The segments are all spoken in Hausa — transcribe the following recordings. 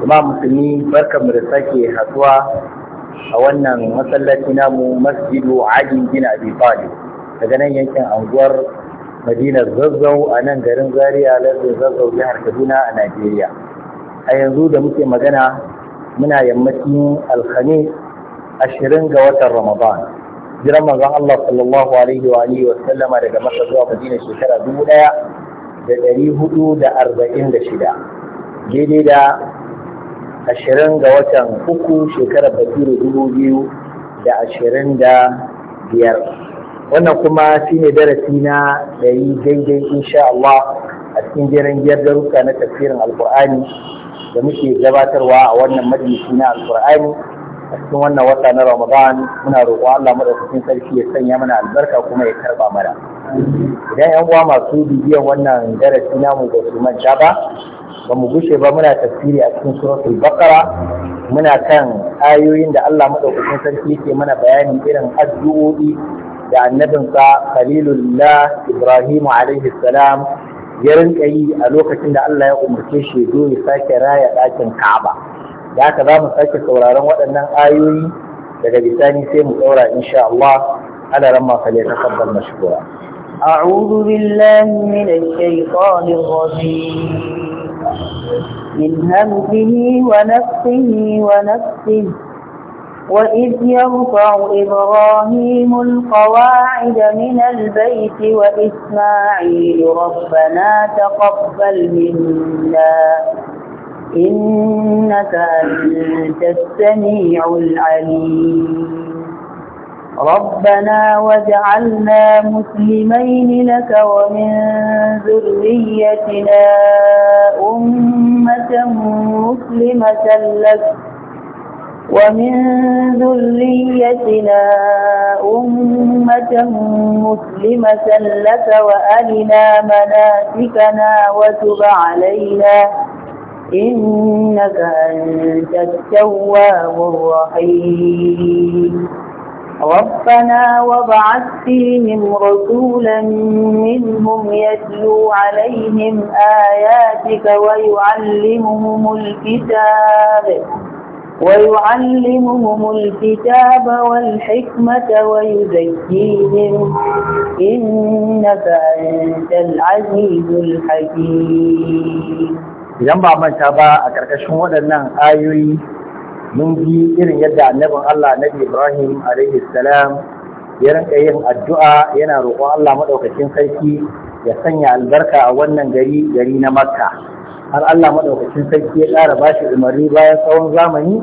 kuma musulmi mu da sake haduwa a wannan masallaci namu masjidu ali bin abi talib daga nan yankin anguwar madinar zazzau a nan garin zaria lardin zazzau jihar kaduna a najeriya a yanzu da muke magana muna yammacin alhamis ashirin ga watan ramadan jiran manzon allah sallallahu alaihi wa alihi wa daga masa zuwa madina shekara dubu ɗaya da ɗari hudu da arba'in da shida daidai da ashirin ga watan uku shekarar batiru dubu biyu da ashirin da biyar wannan kuma shi ne darasi na yi daidai insha Allah a cikin jiran biyar na tafsirin alkur'ani da muke gabatarwa a wannan majalisi na alkur'ani a cikin wannan wata na ramadan muna roƙon Allah cikin sarki ya sanya mana albarka kuma ya karba mana idan yan uwa masu bibiyan wannan darasi namu ba su manta ba ba mu gushe ba muna tafsiri a cikin suratul bakara muna kan ayoyin da Allah madaukakin sarki yake mana bayani irin addu'o'i da annabinsa khalilullah Ibrahim alaihi salam ya rinka yi a lokacin da Allah ya umarce shi zo ya sake raya ɗakin Ka'aba da haka za mu sake sauraron waɗannan ayoyi daga bisani sai mu ɗaura insha Allah ala ramma fa mashkura أعوذ بالله من الشيطان الرجيم من همزه ونفسه ونفسه وإذ يرفع إبراهيم القواعد من البيت وإسماعيل ربنا تقبل منا إنك أنت السميع العليم ربنا واجعلنا مسلمين لك ومن ذريتنا أمة مسلمة لك ومن ذريتنا أمة مسلمة لك وألنا مناسكنا وتب علينا إنك أنت التواب الرحيم ربنا وابعث فيهم رسولا منهم يتلو عليهم آياتك ويعلمهم الكتاب ويعلمهم الكتاب والحكمة ويزكيهم إنك أنت العزيز الحكيم. Idan ba manta ba a ƙarƙashin waɗannan ayoyi mun ji irin yadda annabin Allah nabi Ibrahim alaihi salam ya rinka yin addu'a yana roƙon Allah maɗaukacin sarki ya sanya albarka a wannan gari gari na Makka har Allah maɗaukacin sarki ya ƙara ba shi umarni bayan tsawon zamani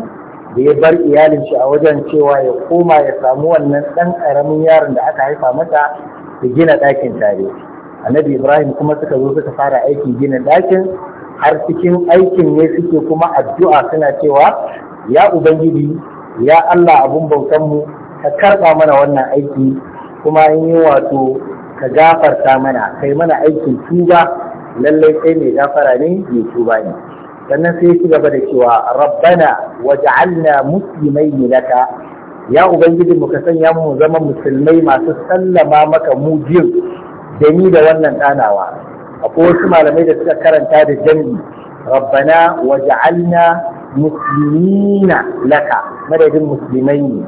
da ya bar iyalin shi a wajen cewa ya koma ya samu wannan ɗan ƙaramin yaron da aka haifa mata su gina ɗakin tare annabi Ibrahim kuma suka zo suka fara aikin gina ɗakin har cikin aikin ne suke kuma addu'a suna cewa ya ubangiji ya Allah abun bautanmu ka karɓa mana wannan aiki kuma in yi wato ka gafarta mana kai mana aikin tuba lallai sai mai gafara ne mai tuba ne sannan sai ci gaba da cewa rabbana waj'alna muslimai laka ya ubangiji mu ka sanya mu zama musulmai masu sallama maka mu jin da ni da wannan ɗanawa akwai wasu malamai da suka karanta da jami'i rabbana waj'alna muslimina laka madadin musulmai ne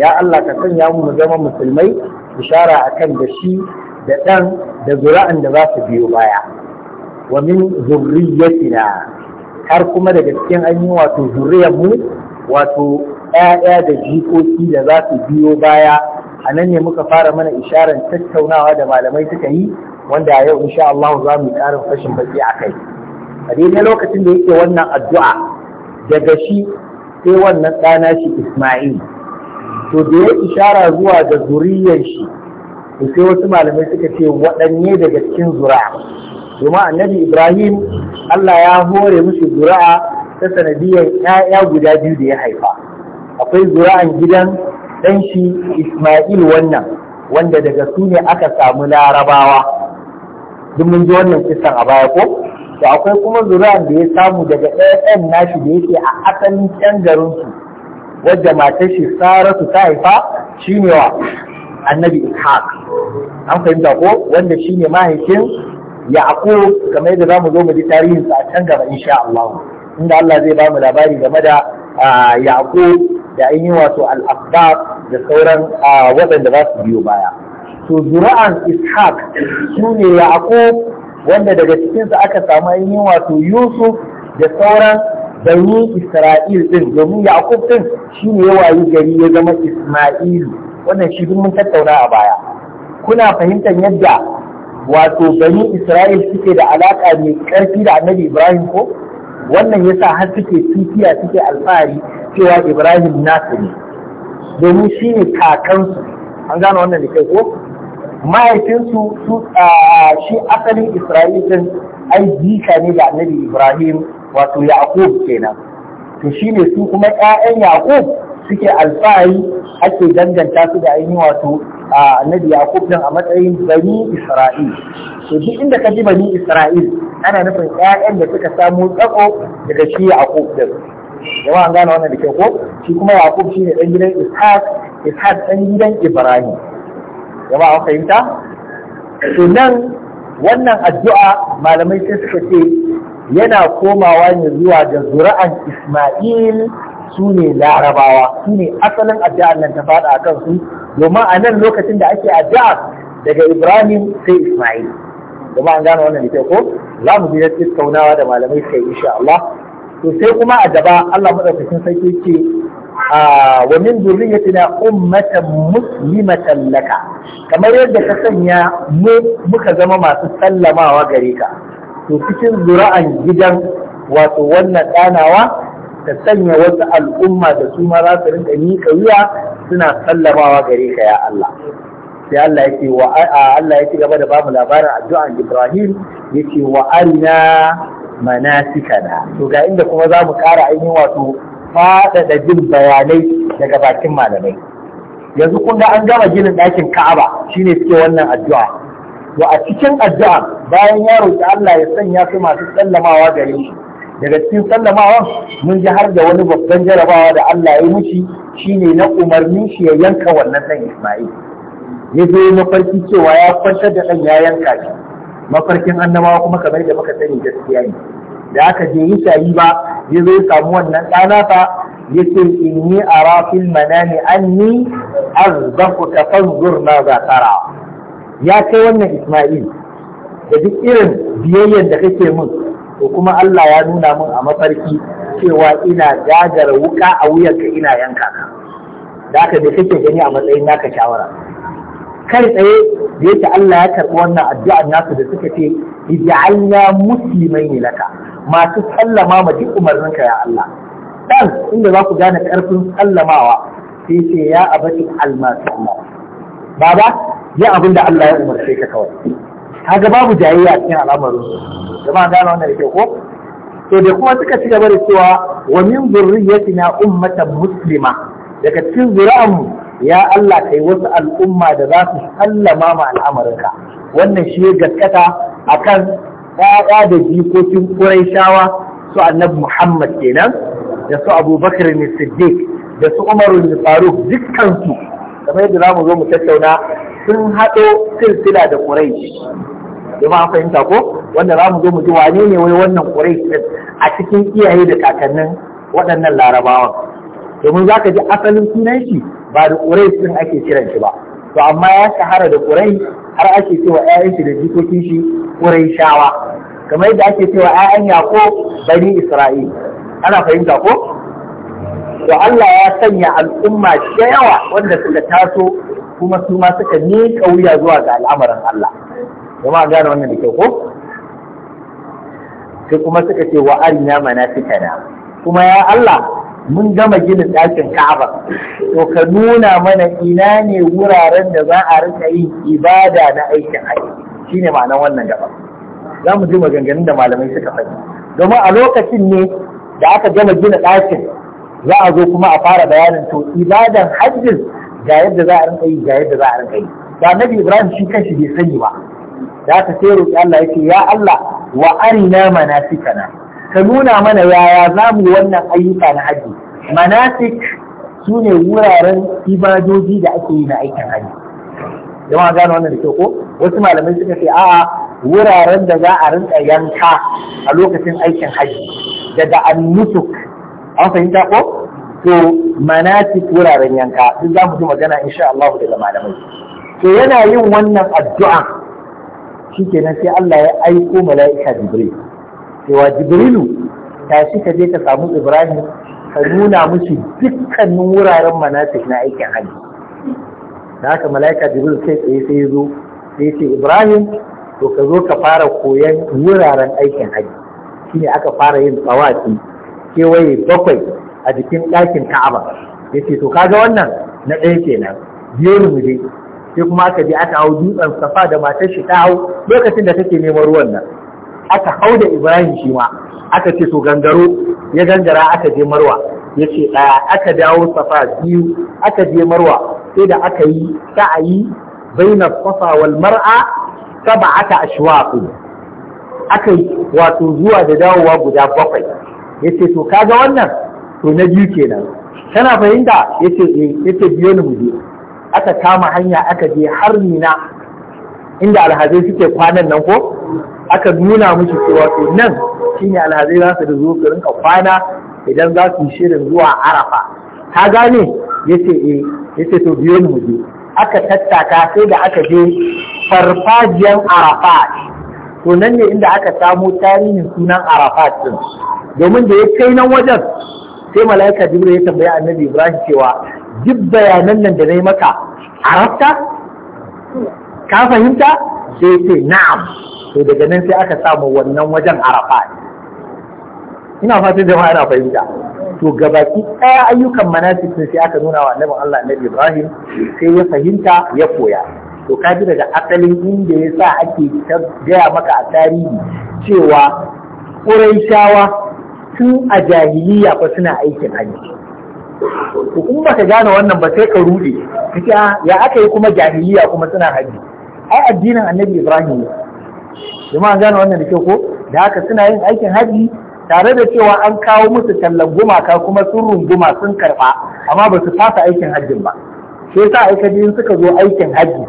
ya Allah ka sanya mu zama musulmai bishara akan da shi da ɗan da zura'an da za su biyo baya wa min zurriyatina har kuma daga cikin an yi wato zuriyar mu wato ‘ya'ya da jikoki da za su biyo baya a nan ne muka fara mana isharar tattaunawa da malamai suka yi wanda a yau insha Allah za mu yi ƙarin fashin baki a kai a daidai lokacin da yake wannan addu'a daga shi sai wannan ɗana shi Ismail to da ya ishara zuwa ga zuriyar shi to sai wasu malamai suka ce waɗanne daga cikin zura'a domin annabi Ibrahim Allah ya hore musu zura'a ta sanadiyar 'ya'ya guda biyu da ya haifa akwai zura'an gidan ɗan shi Ismail wannan wanda daga su ne aka samu larabawa duk mun ji wannan kisan a baya ko to akwai kuma zuri'an da ya samu daga ɗayan nashi da yake a asalin ƴan garinsu wadda matar shi saratu ta haifa ne wa annabi ishaq an fahimta ko wanda ne mahaifin yaqub kamar yadda zamu zo mu ji tarihin sa a can gaba insha Allah inda Allah zai ba mu labari game da yaqub da an yi wato al da sauran waɗanda za su biyo baya to zura'an ishaq sune yaqub wanda daga cikinsa aka samu ainihin wato Yusuf da sauran bani Isra'il din domin Yaqub din shi ne ya wayi gari ya zama Isma'ilu wannan shi duk mun tattauna a baya kuna fahimtar yadda wato bani Isra'il suke da alaka mai karfi da Annabi Ibrahim ko wannan yasa har suke tutiya suke alfahari cewa Ibrahim nasu ne domin shi ne kakansu an gane wannan da kai ko mahaifinsu su shi asalin Isra'il ai jika ne da annabi Ibrahim wato Yaqub kenan to shine su kuma ƴaƴan Yaqub suke alfahari ake danganta su da ainihin wato annabi Yaqub din a matsayin bani Isra'il to duk inda ka ji bani Isra'il ana nufin ƴaƴan da suka samu tsako daga shi Yaqub din Yawa an gane wannan da ke ko shi kuma Yaqub shine ɗan gidan Ishaq Ishaq ɗan gidan Ibrahim jama'a a fahimta to nan wannan addu'a malamai sai suka ce yana komawa ne zuwa da zura'an Isma'il su ne larabawa su ne asalin addu'ar nan ta faɗa a kansu domin a nan lokacin da ake addu'a daga Ibrahim sai Isma'il Gama an gane wannan da ko za mu biya tattaunawa da malamai sai insha Allah to kuma a gaba Allah maɗaukacin sarki ce wa min zurriyatina ummatan muslimatan laka kamar yadda ka sanya muka zama masu sallamawa gare ka to cikin zura'an gidan wato wannan ɗanawa ta sanya wasu al'umma da su ma za su rinka miƙa wuya suna sallamawa gare ka ya Allah sai Allah yake wa Allah ya ci gaba da bamu labarin addu'an Ibrahim yake wa arina manasikana to ga inda kuma za mu ƙara ainihin wato faɗaɗa jin bayanai daga bakin malamai yanzu kun ga an gama ginin ɗakin ka'aba shine suke wannan addu'a to a cikin addu'a bayan ya roƙi Allah ya sanya su masu sallamawa gare shi daga cikin sallamawa mun ji har da wani babban jarabawa da Allah ya mishi shine na umarnin shi ya yanka wannan ɗan Isma'il ya zo mafarki cewa ya kwantar da ɗan ya yanka shi mafarkin annabawa kuma kamar da muka sani gaskiya ne da aka je yi shayi ba ya zo samu wannan ɗana fa yi inni ara manani an anni azbahu ka fanzur na za ya kai wannan Isma'il da duk irin biyayyar da kake min to kuma Allah ya nuna min a mafarki cewa ina gagar wuka a wuyarka ina yanka ka da haka da kake gani a matsayin naka shawara kai tsaye da yake Allah ya karɓi wannan addu'ar nasu da suka ce ij'alna muslimai ne laka masu sallama ma duk umarninka ya Allah dan inda za ku gane karfin sallamawa sai ce ya abati almasu Allah baba ya abin da Allah ya umarce ka kawai kaga babu jayayya cikin al'amarin jama'a gane wannan da ke ko to da kuma suka ci gaba da cewa wa min zurriyyatina ummatan muslima daga cikin zuri'anmu ya Allah kai wasu al'umma da za su sallama ma al'amarinka wannan shi gaskata akan ƴaƴa da jikokin ƙuraishawa su Annabi Muhammad kenan da su Abu Bakr Siddiq da su Umar Faruk dukkan su kamar yadda zamu zo mu tattauna sun haɗo silsila da Quraysh kuma an fahimta ko wanda zamu zo mu ji wane ne wai wannan Quraysh a cikin iyaye da kakannin waɗannan larabawan domin zaka ji asalin sunan shi ba da Quraysh din ake kiran shi ba to amma ya shahara da ƙurai har ake cewa ‘ya'yan da jikokin shi ƙurai shawa kamar yadda ake cewa ‘ya'yan yaƙo bani isra'il ana fahimta ko to Allah ya sanya al'umma da yawa wanda suka taso kuma su ma suka ne wuya zuwa ga al'amarin Allah kuma gane wannan da kyau ko sai kuma suka ce wa arina manasikana kuma ya Allah mun gama gina ɗakin Ka'aba to ka nuna mana ina ne wuraren da za a rika yin ibada na aikin haji shine ma'anar wannan gaba za mu ji maganganun da malamai suka faɗi domin a lokacin ne da aka gama gina ɗakin za a zo kuma a fara bayanin to ibadan hajjin ga yadda za a rinka yi ga yadda za a rinka yi Ba Nabi Ibrahim shi kanshi bai sani ba da aka sai roƙi Allah ya ce ya Allah wa arina manasikana ka nuna mana yaya za mu wannan ayyuka na haji manasik su ne wuraren ibadoji da ake yi na aikin haji jama'a gane wannan da ke ko wasu malamai suka ce a'a wuraren da za a rinka yanka a lokacin aikin haji daga annusuk an fahimta ko to manasik wuraren yanka duk za mu ji magana insha Allah daga malamai to yana yin wannan addu'a shikenan sai Allah ya aiko mala'ika Jibril cewa jibrilu tashi ka je ka samu ibrahim ka nuna mushi dukkanin wuraren manasik na aikin hajji da haka mala'ika Jibrilu sai tsaye sai ya zo sai ce ibrahim to ka zo ka fara koyan wuraren aikin hajji shine aka fara yin tsawaki kewaye bakwai a jikin ɗakin ka'aba ya ce to kaga wannan na ɗaya kenan biyar mu je sai kuma aka je aka hau dutsen safa da matar shi ta hau lokacin da take neman ruwan nan aka hau da ibrahim shi ma aka ce to gangaro ya gangara aka je marwa ya ce ɗaya aka dawo safa biyu aka je marwa sai da aka yi sa'ayi baina safa wal mar'a sab'ata ashwaq aka yi wato zuwa da dawowa guda bakwai ya ce to kaga wannan to na biyu kenan kana fahimta ya ce eh, ya ce biyo ni mu je aka kama hanya aka je har nina inda alhazai suke kwanan nan ko aka nuna musu cewa to nan shi ne alhazai za su da zo su rinka kwana idan za su yi shirin zuwa arafa Ta gane e eh. ya ce to biyo mu je aka tattaka sai da aka je farfajiyar arafat to nan ne inda aka samo tarihin sunan arafa din domin da ya kai nan wajen sai mala'ika jibril ya tambaya annabi ibrahim cewa duk bayanan nan da na yi maka arafta ka fahimta sai ce na'am to daga nan sai aka samu wannan wajen arafa ina fatan jama'a ma'ana fahimta to gabaki ɗaya ayyukan manasik sai aka nuna wa annabin Allah annabi Ibrahim sai ya fahimta ya koya to kaji daga asalin inda ya sa ake gaya maka a tarihi cewa ƙuraishawa tun a jahiliya fa suna aikin hajji to in baka gane wannan ba sai ka rude kace ah, ya aka yi kuma jahiliya kuma suna hajji ai addinin annabi Ibrahim ne jama'a gane wannan da ke ko da haka suna yin aikin haji tare da cewa an kawo musu tallan gumaka kuma sun runguma sun karba amma ba su fasa aikin hajjin ba sai sa aikajin suka zo aikin haji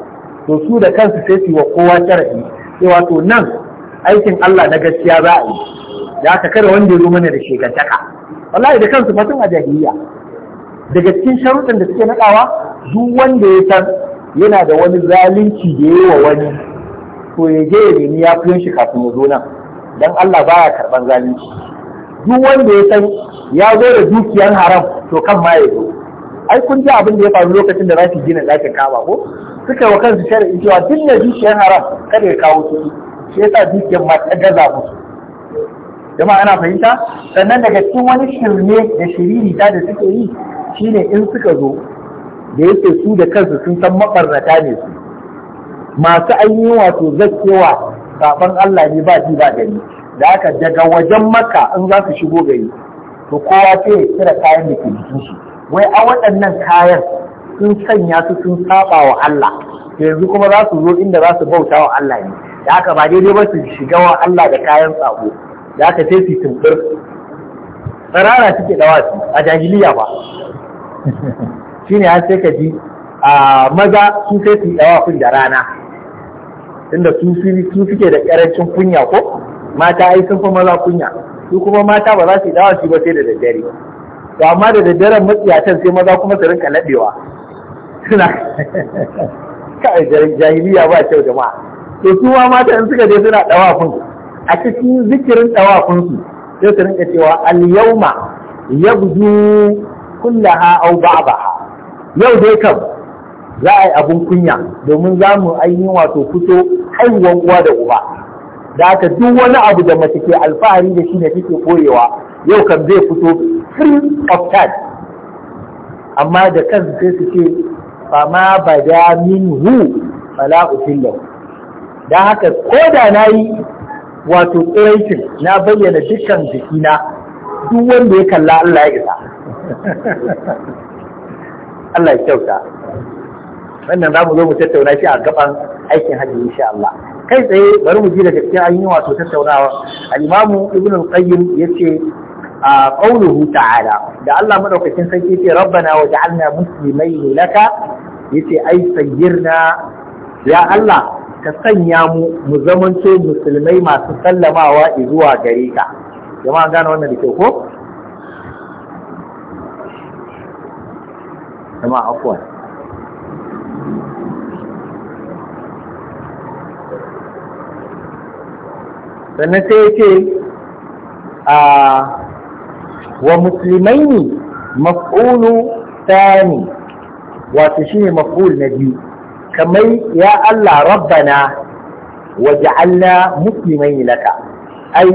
to su da kansu sai su wa kowa sharadi sai wato nan aikin Allah na gaskiya za a yi da haka kada wanda ya zo mana da shegantaka wallahi da kansu mutum a jahiliya daga cikin sharuɗan da suke naɗawa duk wanda ya san yana da wani zalunci da yayi wa wani to ya je ya nemi yafiyan shi kafin mu zo nan dan Allah baya karban zalunci duk wanda ya san ya zo da dukiyar haram to kan ma ya zo ai kun ji abin da ya faru lokacin da za su gina ɗakin kaba ko suka wa kansu shari'i cewa duk da dukiyar haram kada ya kawo su shi yasa dukiyar ma ta gaza musu jama'a ana fahimta sannan daga cikin wani shirme da shiririta da suke yi shine in suka zo da yake su da kansu sun san mabarnata ne su masu ainihin wato zakewa saban Allah ne ba ji ba gani da aka, daga wajen maka in za su shigo gari to kowa sai kira kayan da ke jikin shi wai a waɗannan kayan sun sanya su sun saba wa Allah yanzu kuma za su zo inda za su bauta wa Allah ne da aka ba daidai ba su shiga wa Allah da kayan sabo da aka sai su tumbur Tsarara suke da wasu a jahiliya ba shine ya sai ka ji a maza sun sai su yi dawafin da rana tunda su su suke da karancin kunya ko mata ai sun fa maza kunya su kuma mata ba za su yi dawa su ba sai da daddare to amma da daddaren matsiyatan sai maza kuma su rinka laɗewa suna kai jahiliya ba kyau jama'a to su ma mata in suka je suna dawafin a cikin zikirin dawafin su sai su rinka cewa al-yawma yabdu kullaha aw ba'daha yau dai kam za a yi abin kunya domin za mu ainihin wato fito haihuwan uwa da uba da haka duk wani abu da mace ke alfahari da shi ne kike koyewa yau kan zai fito free of charge amma da kan sai su ce fama ba da min minhu fala usillahu da haka ko da na yi wato tsiraicin na bayyana dukkan jikina duk wanda ya kalla Allah ya isa Allah ya kyauta wannan za mu zo mu tattauna shi a gaban aikin hajji insha Allah kai tsaye bari mu ji daga cikin ayyukan wato tattaunawa al-imamu ibnu al-qayyim yace a qauluhu ta'ala da Allah madaukakin sarki yace rabbana waj'alna muslimaini laka yace ai sayyirna ya Allah ka sanya mu mu zamanto musulmai masu sallamawa zuwa gare ka jama'a gane wannan da kyau ko jama'a afwan sannan sai ya ce a wa musulmai ne maf'ulu tani wato ne maf'ul na biyu kamar ya Allah rabbana wa ja'alna muslimai laka ai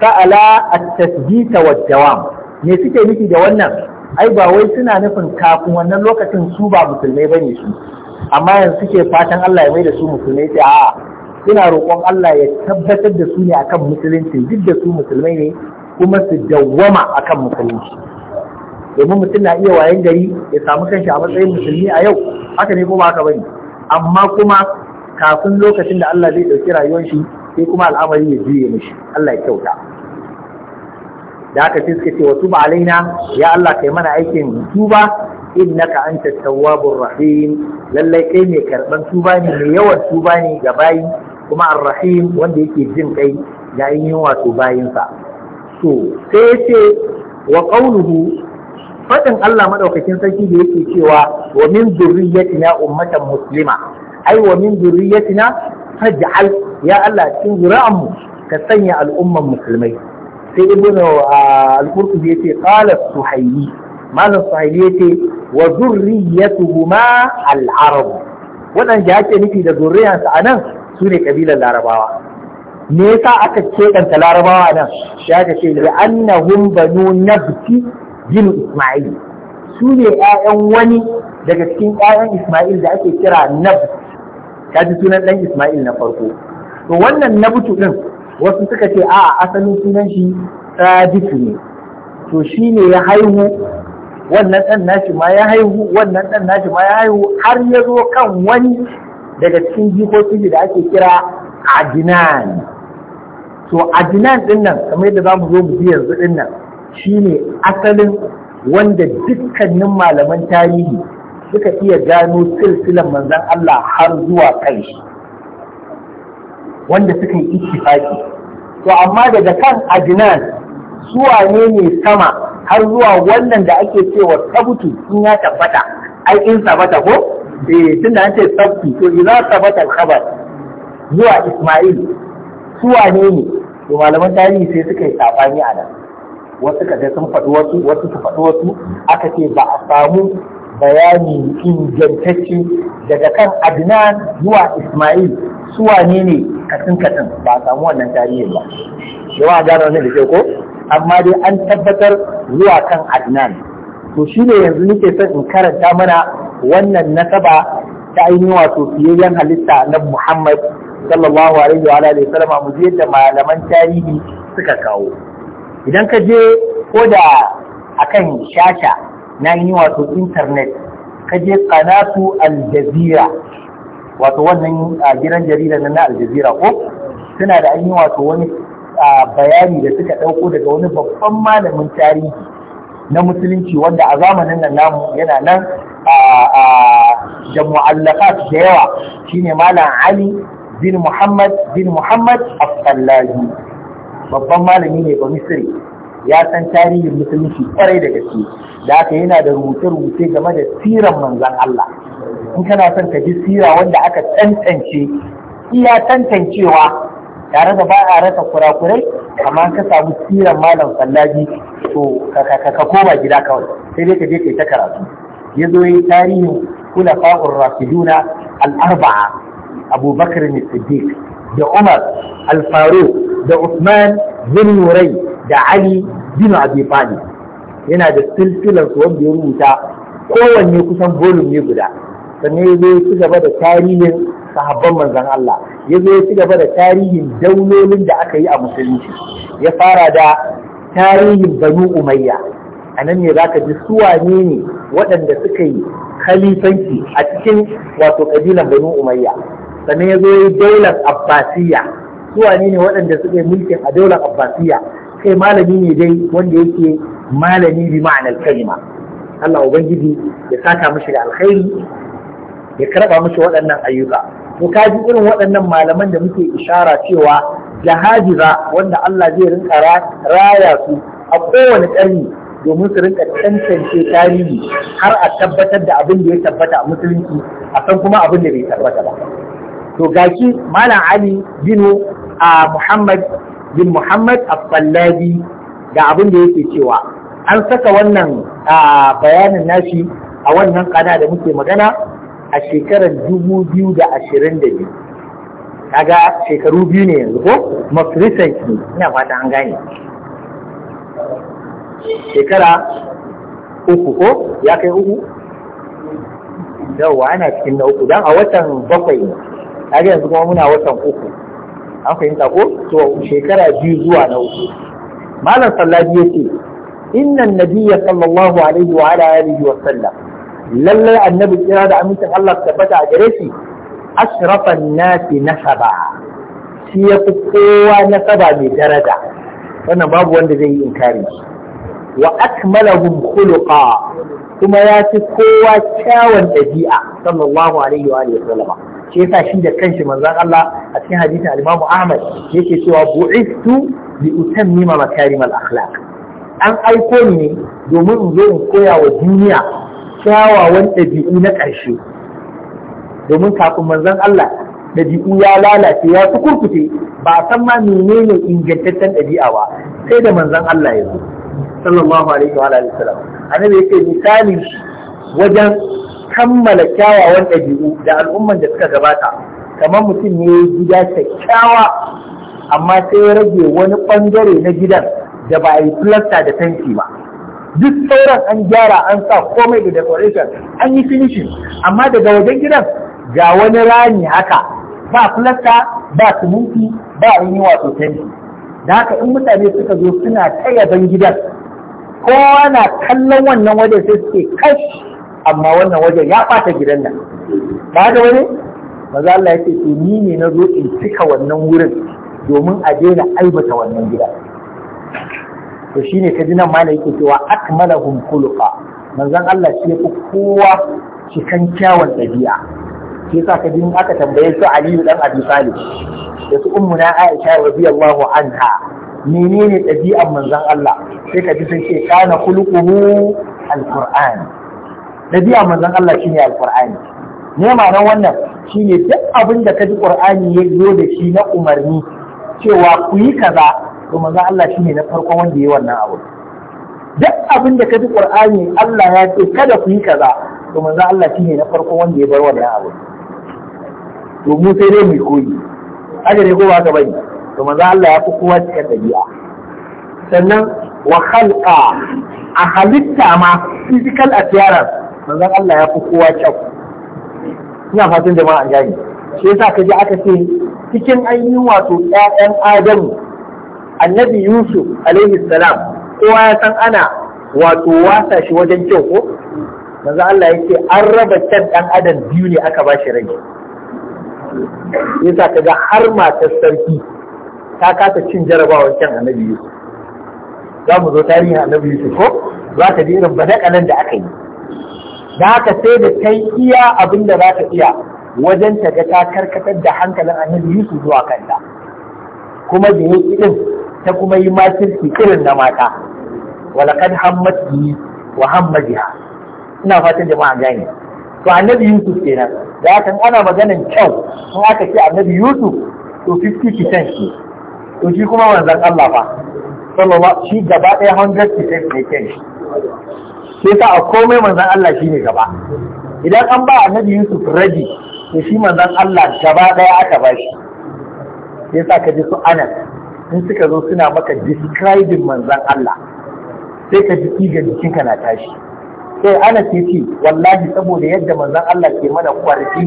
ta'ala at-tasbita wad-dawam me suke nufi da wannan ai ba wai suna nufin kafin wannan lokacin su ba musulmai bane su amma yanzu suke fatan Allah ya mai da su musulmai sai a'a suna roƙon Allah ya tabbatar da su ne akan musulunci duk da su musulmai ne kuma su dawwama akan musulunci domin mutum na iya wayan gari ya samu kanshi a matsayin musulmi a yau haka ne kuma ba haka bane amma kuma kafin lokacin da Allah zai ɗauki rayuwar shi sai kuma al'amari ya juye mishi Allah ya kyauta da haka sai suka ce wa tuba alaina ya Allah kai mana aikin tuba innaka anta tawwabur rahim lallai kai mai karban tuba ne mai yawan tuba ne ga bayi kuma ar-rahim wanda yake jin kai ga yin wato bayinsa to sai yace wa qawluhu fadin Allah madaukakin sarki da yake cewa wa min zurriyyatina ummatan muslima ai wa min zurriyyatina faj'al ya Allah cikin zuri'anmu ka sanya al'umman musulmai sai ibn uh, al-qurtubi yace qala suhayyi malam suhayyi yace wa zurriyatuhuma al-arab wadan da yake nufi da zuriyansa anan su ne kabilar larabawa me yasa aka keɗanta larabawa nan ya ka ce da annahum banu nabti jinu isma'il su ne ƴaƴan wani daga cikin ƴaƴan isma'il da ake kira nabt ka ji sunan ɗan isma'il na farko to wannan nabtu ɗin wasu suka ce a asalin sunan shi sadiku ne to shi ne ya haihu wannan dan nashi ma ya haihu wannan dan nashi ma ya haihu har ya zo kan wani daga cikin jikoki da ake kira adinan, to adinan din nan kamar yadda za mu zo mu ji yanzu din nan shine asalin wanda dukkanin malaman tarihi suka iya gano silsilan manzan Allah har zuwa kai wanda suka yi ittifaki to amma daga kan adinan, zuwa ne ne sama har zuwa wannan da ake cewa sabutu sun ya tabbata ai in tabbata ko Eh, tunda an ce sabti to idza sabata al-khabar zuwa Isma'il su wane ne to malaman tarihi sai suka yi sabani a nan wasu kaje sun faɗi wasu wasu su faɗi wasu aka ce ba a samu bayani ingantacce daga kan Adnan zuwa Ismail su wane ne katin katin ba a samu wannan tarihin ba yawa gano ne da ke ko amma dai an tabbatar zuwa kan Adnan to shine yanzu nake son in karanta mana wannan nasaba ta ainihin wato fiyayyen halitta na Muhammad sallallahu alaihi wa alihi wasallam mu je da malaman tarihi suka kawo idan ka je ko da kan shasha na ainihin wato internet ka je qanatu al wato wannan gidan jarida na al ko suna da ainihin wato wani bayani da suka ɗauko daga wani babban malamin tarihi na musulunci wanda a zamanin nan namu yana nan da mu'allafat da yawa shine malam Ali bin Muhammad bin Muhammad Abdullahi babban malami ne ba Misri ya san tarihin musulunci kwarai da gaske da haka yana da rubuce-rubuce game da siran manzan Allah in kana son ka ji sira wanda aka tantance iya tantancewa tare da ba a rasa kurakurai amma ka samu siran malam sallaji to ka koma gida kawai sai dai ka je yi ta karatu ya zo yi tarihin kulafa'ur rashiduna al-arba'a abubakar siddiq da umar al da usman bin nurai da ali bin abi yana da silsilar wanda ya rubuta kowanne kusan bolin ne guda sannan ya zo ya ci gaba da tarihin sahabban manzon Allah ya zo ya ci gaba da tarihin daulolin da aka yi a musulunci ya fara da tarihin banu umayya a nan ne za ka ji su ne waɗanda suka yi khalifanci a cikin wato kabilan banu umayya sannan ya zo yi daular abbasiya suwane ne waɗanda suka yi mulkin a daular abbasiya kai malami ne dai wanda yake malami bi ma'anar kalima Allah ubangiji ya saka mishi da alkhairi ya karɓa mishi waɗannan ayyuka to ka ji irin waɗannan malaman da muke ishara cewa jahajiza wanda Allah zai rinka raya su a kowane ƙarni domin su rinka tantance tarihi har a tabbatar da abin da ya tabbata a musulunci a san kuma abin da bai tabbata ba to gashi malam ali binu a muhammad bin muhammad as da abin da yake cewa an saka wannan bayanin nashi a wannan kana da muke magana a shekarar dubu biyu da ashirin da biyu kaga shekaru biyu ne yanzu ko mafi recent ne ina fata an gane shekara uku ko ya kai uku yawwa ana cikin na uku don a watan bakwai ne har yanzu kuma muna watan uku an fahimta ko to shekara biyu zuwa na uku malam sallabi ya ce innan nabiya sallallahu alaihi wa ala alihi wa sallam lallai annabi kira da amincin Allah tabbata a gare shi ashrafan nasi nasaba shi ya fi kowa nasaba mai daraja wannan babu wanda zai yi inkari shi wa akmalahum khuluqa kuma ya fi kowa kyawun ɗabi'a sallallahu alaihi wa sallama shi yasa shi da kanshi manzon Allah a cikin hadisin al-Imam Ahmad yake cewa bu'istu li utammima makarim al-akhlaq an aiko ni ne domin in zo in koya wa duniya kyawawan ɗabi'u na ƙarshe domin kafin manzon Allah ɗabi'u ya lalace ya fi kurkuce ba san ma menene ingantaccen ɗabi'a ba sai da manzon Allah ya zo sallallahu alaihi wa alihi wasallam annabi yake misali, wajen kammala kyawawan ɗabi'u da al'umman da suka gabata kamar mutum ne gida kyakkyawa amma sai ya rage wani ɓangare na gidan da ba a yi filasta da tanki ba duk sauran an gyara an sa komai da decoration an yi finishin amma daga wajen gidan ga wani rani haka ba filasta ba siminti ba yi wato tanki da haka in mutane suka zo suna ta yaban gidan kowa na kallon wannan wajen sai suke kashi amma wannan wajen ya fata gidan nan ba da wani maza Allah ya ce to ni ne na zo in cika wannan wurin domin a daina aibata wannan gida to shine kaji nan ma yake cewa akmalahum khuluqa manzon Allah shi yafi kowa cikan kyawun dabi'a shi yasa ka ji aka tambaye su Aliyu dan Abi Talib da su ummuna Aisha radiyallahu anha menene ɗabi'ar manzon Allah sai ka ji sun ce kana khuluquhu alqur'ani ɗabi'ar manzon Allah shine alqur'ani ne ma'anar wannan shine duk abin da ka ji qur'ani ya zo da shi na umarni cewa ku yi kaza to manzon Allah shine na farkon wanda ya yi wannan abu duk abin da ka ji qur'ani Allah ya ce kada ku yi kaza to manzon Allah shine na farkon wanda ya bar wannan abu to mu sai dai mu koyi haka ne ko ba ka bane to manzo Allah ya fi kowa cika ɗabi'a sannan wa khalqa a halitta ma physical appearance manzo Allah ya fi kowa kyau ina fatan jama'a gani shi yasa kaje aka ce cikin ainihin wato ƴaƴan Adamu annabi Yusuf alaihi salam kowa ya san ana wato wasa shi wajen kyau ko manzo Allah yake an raba kyan ɗan adam biyu ne aka ba shi rai yasa kaga har matar sarki ta kasa cin jarabawar can annabi Yusuf za mu zo tarihin annabi Yusuf ko za ka ji irin badakalan da aka yi da haka sai da kai iya abin da za ka iya wajen ta ga ta karkatar da hankalin annabi Yusuf zuwa kanta kuma da ya yi din ta kuma yi makirki irin na mata walakad hammat bihi wa hammadiha ina fatan jama'a gane to annabi Yusuf kenan da haka ana maganan kyau in aka ce annabi Yusuf to 50% ne to shi kuma manzan Allah fa sallallahu shi gaba ɗaya percent ne kai sai sa a komai manzan Allah shine gaba idan an ba annabi Yusuf rabi to shi manzan Allah gaba ɗaya aka ba shi sai sa ka ji su Anas in suka zo suna maka describing manzan Allah sai ka ji jikin jikinka na tashi sai ana ce ce wallahi saboda yadda manzan Allah ke mana kwarfi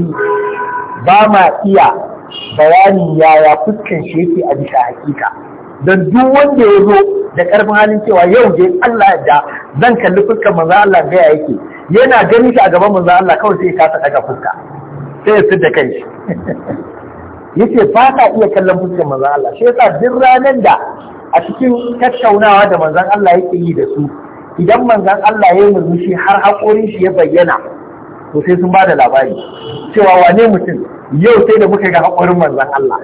ba ma iya bayanin yaya fuskan shi yake a bisa hakika don duk wanda ya zo da karfin halin cewa yau dai Allah da zan kalli fuskan manzo Allah ga ya yake yana gani shi a gaban manzo Allah kawai sai ya kasa daga fuska sai ya fita kai yace ba ka iya kallon fuskan manzo Allah shi yasa duk ranan da a cikin tattaunawa da manzon Allah yake yi da su idan manzon Allah ya yi murmushi har haƙorin shi ya bayyana to sai sun ba da labari cewa wane mutum yau sai da muka ga haƙorin manzan Allah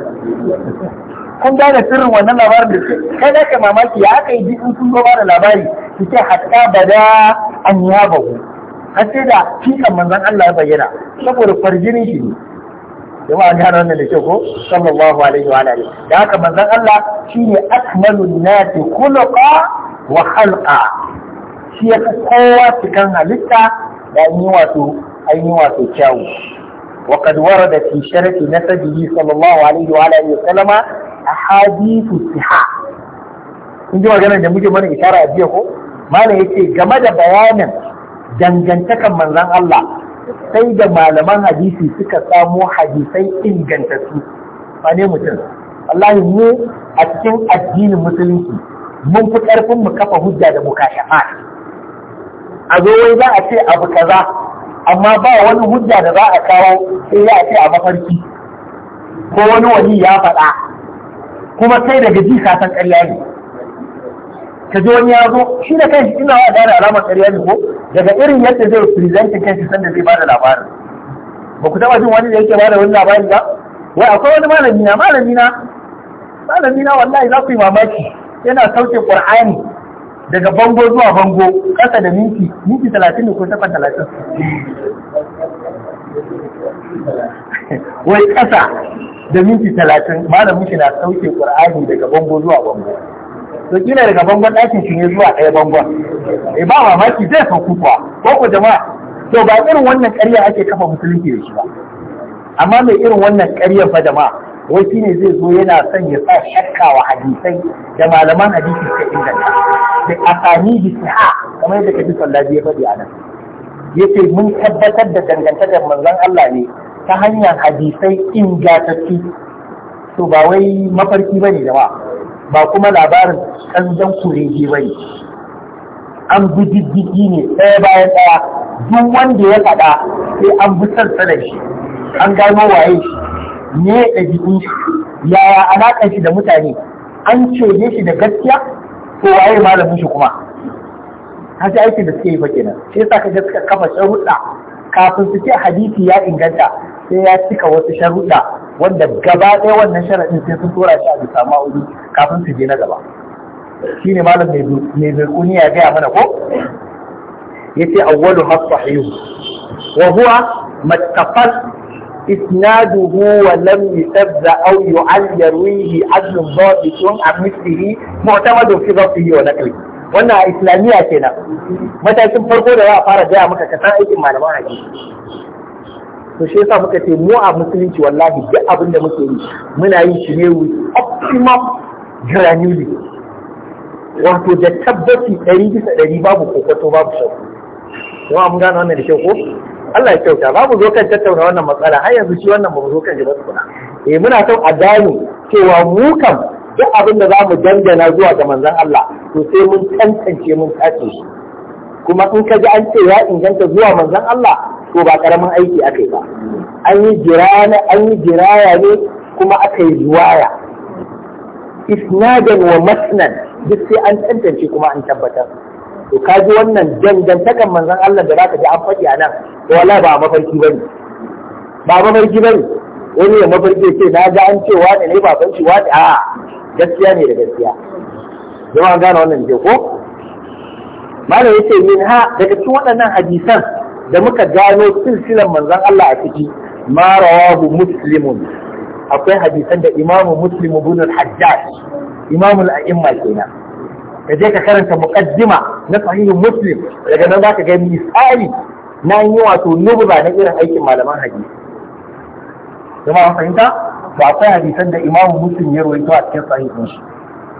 kun gane sirrin wannan labarin da su kai da ka mamaki ya aka yi in sun zo da labari su ce hatta da an ya bahu har sai da fikan manzan Allah ya bayyana saboda farjinin shi ne jama an gane wannan da ke ko sallallahu alaihi wa alihi da haka manzan Allah shine akmalun nasi khuluqa wa halka, shi ya kowa cikin halitta da an yi wato an yi wato kyawu وقد ورد في شرف نسبه صلى الله عليه وعلى اله وسلم احاديث الصحاح kun ji maganar da muke mana itara a jiya ko malam yace game da bayanin dangantakan manzon Allah sai da malaman hadisi suka samo hadisai ingantattu ba ne mutum wallahi mu a cikin addinin musulunci mun fi karfin mu kafa hujja da mukashafa a zo wai za a ce abu kaza amma ba wani hujja da za a kawo sai ya ce a mafarki ko wani wani ya faɗa kuma kai daga ji ka san ƙarya ne ka ji wani ya zo shi da kanshi ina wa gane alamar ƙarya ne ko daga irin yadda zai present kanshi sanda zai bada labarin ba ku taɓa jin wani da yake bada wani labari ba wai akwai wani malami na malami na malami na wallahi za ku yi mamaki yana sauke ƙur'ani. daga bango zuwa bango kasa da minti minti talatin ne ko kan talatin wai kasa da minti talatin malamin shi na sauke ƙur'ani daga bango zuwa bango to kila daga bangon ɗakin shi ne zuwa ɗaya bangon eh ba mamaki zai sauku kuwa ko ku jama'a to ba irin wannan ƙarya ake kafa musulunci da shi ba amma mai irin wannan ƙarya fa jama'a wai shi ne zai zo yana son ya sa shakka wa hadisai da malaman hadisi ta inganta da asani bi siha kamar yadda kaji sallabi ya faɗi a nan yace mun tabbatar da dangantakar manzon Allah ne ta hanyar hadisai ingatattu to ba wai mafarki bane jama'a ba kuma labarin kanzan kurege bane an bi diddigi ne ɗaya bayan ɗaya duk wanda ya faɗa sai an bi sarsa da shi an gano waye shi Ne ya ɗabi'un shi yaya alaƙa shi da mutane an cege shi da gaskiya ko waye malamin shi kuma haji aikin da suke yi fake nan. sai yasa ka suka kafa sharuɗa kafin su ce hadisi ya inganta sai ya cika wasu sharuɗa wanda gaba ɗaya wannan sharaɗin sai sun tura shi a bisa ma'udi kafin su je na gaba Shi ne malam mai zurkuni ya gaya mana ko yace awwalu hasahihu wa huwa mattafal إسناده ولم يسبز أو يعل يرويه عدل ضابط عن مثله معتمد في ضبطه ونقله wannan a islamiyya kenan matakin farko da za a fara gaya maka kasan aikin malaman hadisi to shi yasa muka ce mu a musulunci wallahi duk abin da muke yi muna yin shi ne with optimum granularity wato da tabbaci 100 bisa 100 babu kokoto babu shakku kuma mun gane wannan da kyau ko Allah ya kyauta za mu zo kan tattauna wannan matsala har yanzu shi wannan ba mu zo kan shi ba tukuna eh muna son a gane cewa mu kan duk abin da zamu dangana zuwa ga manzon Allah to sai mun tantance mun tace shi kuma in ka ji an ce ya inganta zuwa manzon Allah to ba karamin aiki akai ba an yi jirana an yi jiraya ne kuma aka yi riwaya isnadan wa masnan duk sai an tantance kuma an tabbatar to ka ji wannan dangantakan manzon Allah da zaka ji an faɗi a nan to wala ba mafarki bane ba mafarki bane wani ya mafarki ce na ga an ce wani ne ba fanci wani a gaskiya ne da gaskiya jama'a gane wannan je ko malam yace min ha daga cikin waɗannan hadisan da muka gano silsilan manzon Allah a ciki ma rawahu muslimun akwai hadisan da imamu muslim ibn al-hajjaj imamul a'imma kenan ka je ka karanta muqaddima na sahihin muslim daga nan ka ga misali na yi wato nubza na irin aikin malaman hadisi kuma an fahimta to akwai hadisan da imamu muslim ya rawaito a cikin sahihin shi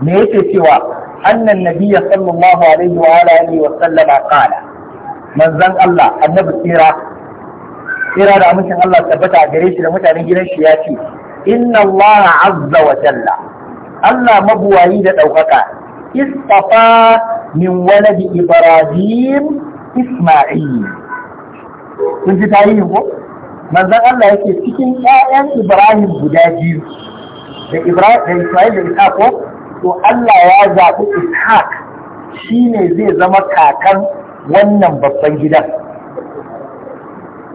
me yake cewa annan nabiyya sallallahu alaihi wa alihi wa sallama qala manzon Allah annabi tsira tsira da amincin Allah tabbata gare shi da mutanen gidan shi ya ce inna Allah azza wa jalla Allah mabuwayi da ɗaukaka istafa min waladi ibrahim isma'il kun ji tarihin ko manzon Allah yake cikin ƴaƴan ibrahim guda biyu da ibrahim da isma'il da ishaq ko to Allah ya zaɓi ishaq shine zai zama kakan wannan babban gidan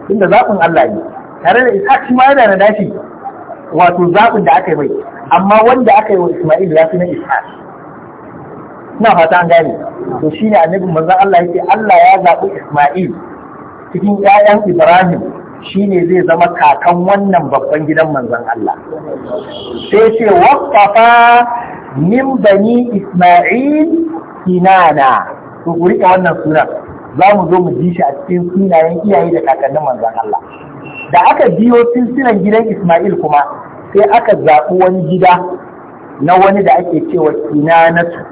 inda zaɓin Allah ne tare da ishaq shi ma yana da dashi wato zaɓin da aka yi mai amma wanda aka yi wa isma'il ya fi na ishaq ina fata an gane to shine annabi manzon Allah yake Allah ya zabi Isma'il cikin 'ya'yan Ibrahim shine zai zama kakan wannan babban gidan manzon Allah sai ce waqafa min bani Isma'il kinana to ku wannan sunan za mu zo mu ji shi a cikin sunayen iyaye da kakannin manzon Allah da aka biyo silsilan gidan Isma'il kuma sai aka zaɓi wani gida na wani da ake cewa kinanatu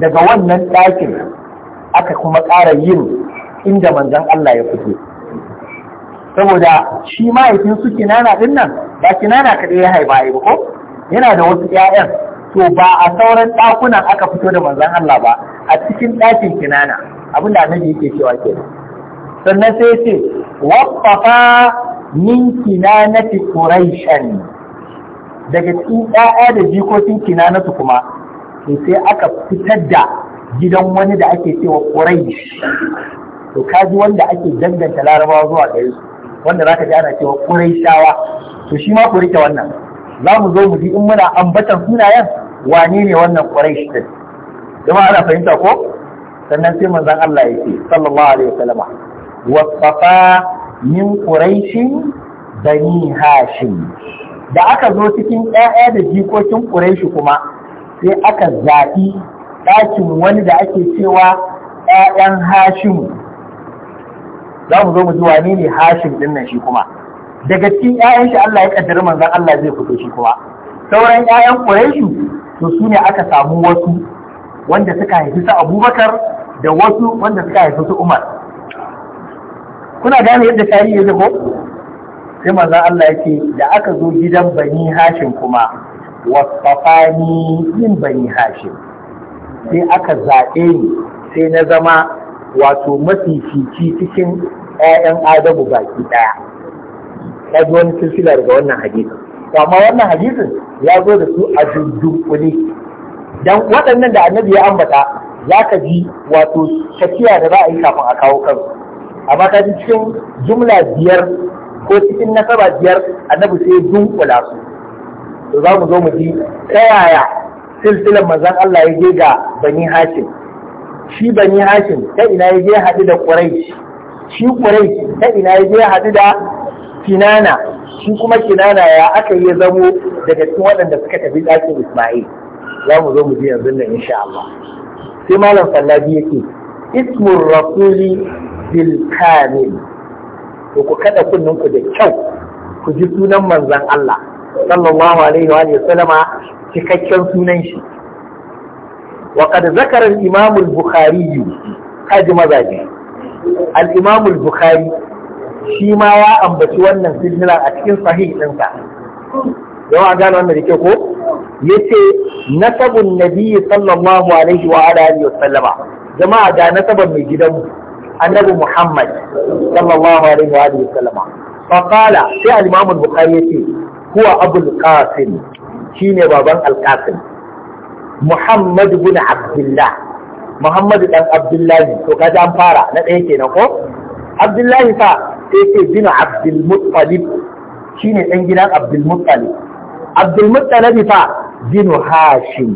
daga wannan ɗakin aka kuma ƙara yin inda manzan Allah ya fito saboda shi mahaifin su kinana ɗin nan ba kinana kaɗai ya haifa ba ko yana da wasu 'ya'yan to ba a sauran ɗakunan aka fito da manzan Allah ba a cikin ɗakin kinana abin da annabi yake cewa ke? sannan sai ce waffafa min kinanati quraishan daga cikin ɗaya da jikokin kinanatu kuma to sai aka fitar da gidan wani da ake cewa quraish to kaji wanda ake danganta larabawa zuwa gare wanda za ka ji ana cewa quraishawa to shi ma ku rike wannan za mu zo mu ji in muna ambatan sunayen wane ne wannan quraish din jama'a ana fahimta ko sannan sai manzon Allah ya yake sallallahu alaihi wasallama wasafa min quraishin bani hashim da aka zo cikin ƴaƴa da jikokin quraishi kuma sai aka zafi ɗakin wani da ake cewa ‘ya'yan Hashimu. Za mu zo mu ji ne ne Hashim ɗin shi kuma. Daga cikin ‘ya'yan shi Allah ya ƙaddari manzan Allah zai fito shi kuma. Sauran ‘ya'yan Quraishu to su ne aka samu wasu wanda suka haifi su Abubakar da wasu wanda suka haifi su Umar. Kuna gane yadda tarihi ya zago? Sai manzan Allah ya ce da aka zo gidan Bani Hashim kuma wasafani min bani hashim sai aka zaɓe ni sai na zama wato mafifici cikin 'ya'yan adabu baki ɗaya ta ji wani daga wannan hadisin amma wannan hadisin ya zo da su a dundunkule dan waɗannan da annabi ya ambata za ka ji wato tafiya da za a yi kafin a kawo kan amma ka ji cikin jumla biyar ko cikin nasaba biyar annabi sai dunkula su to za mu zo mu ji ta yaya silsilar manzon Allah ya je ga bani hashim shi bani hashim ta ina ya je haɗu da Quraysh shi Quraysh ta ina ya je haɗu da kinana shi kuma kinana ya aka yi zamo daga cikin waɗanda suka tafi ɗakin isma'il za mu zo mu ji yanzu nan insha Allah sai malam fallabi yake ismur rasuli bil kamil to ku kada ku da kyau ku ji sunan manzon Allah sallallahu alaihi wa sallama cikakken sunan shi wa qad zakara al-imam al-bukhari kaji mazaji al-imam al-bukhari shi ma ya ambaci wannan silsila a cikin sahih ɗinsa a gane wannan rike ke ko yace nasabun nabi sallallahu alaihi wa alihi wa sallama jama'a ga nasabar mai gidan annabi muhammad sallallahu alaihi wa alihi wa sallama fa qala sai al-imam al-bukhari yace huwa abul qasim shine baban al qasim muhammad ibn abdullah muhammad dan abdullahi to kaji an fara na ɗaya kenan ko abdullahi fa sai ce bin abdul muttalib shine dan gidan abdul muttalib abdul muttalib fa bin hashim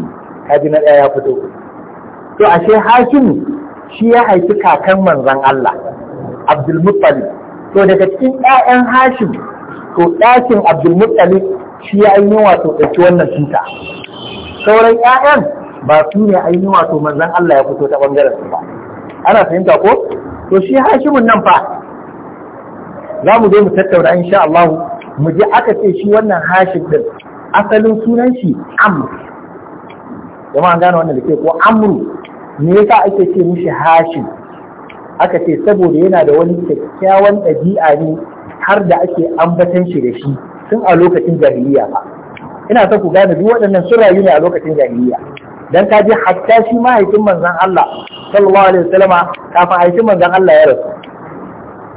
kaji na ɗaya ya fito to ashe hashim shi ya haifi kakan manzon Allah abdul muttalib to daga cikin ƴaƴan hashim to ɗakin abdulmuttalib shi ya ainihin wato ɗauki wannan cinta sauran 'ya'yan ba su ne ainihin wato manzan Allah ya fito ta ɓangaren su ba ana fahimta ko to shi hashimun nan fa za mu je mu tattauna insha Allah mu je aka ce shi wannan hashim din asalin sunan shi amr jama'a gane wannan da ke ko amru me yasa ake ce mishi hashim aka ce saboda yana da wani kyakkyawan ɗabi'a ne har da ake ambatan shi da shi tun a lokacin jahiliya ba ina ta ku gane duk waɗannan sun rayu ne a lokacin jahiliya dan ka je hatta shi mahaifin manzon Allah sallallahu alaihi wasallama kafin haifin manzon Allah ya rasu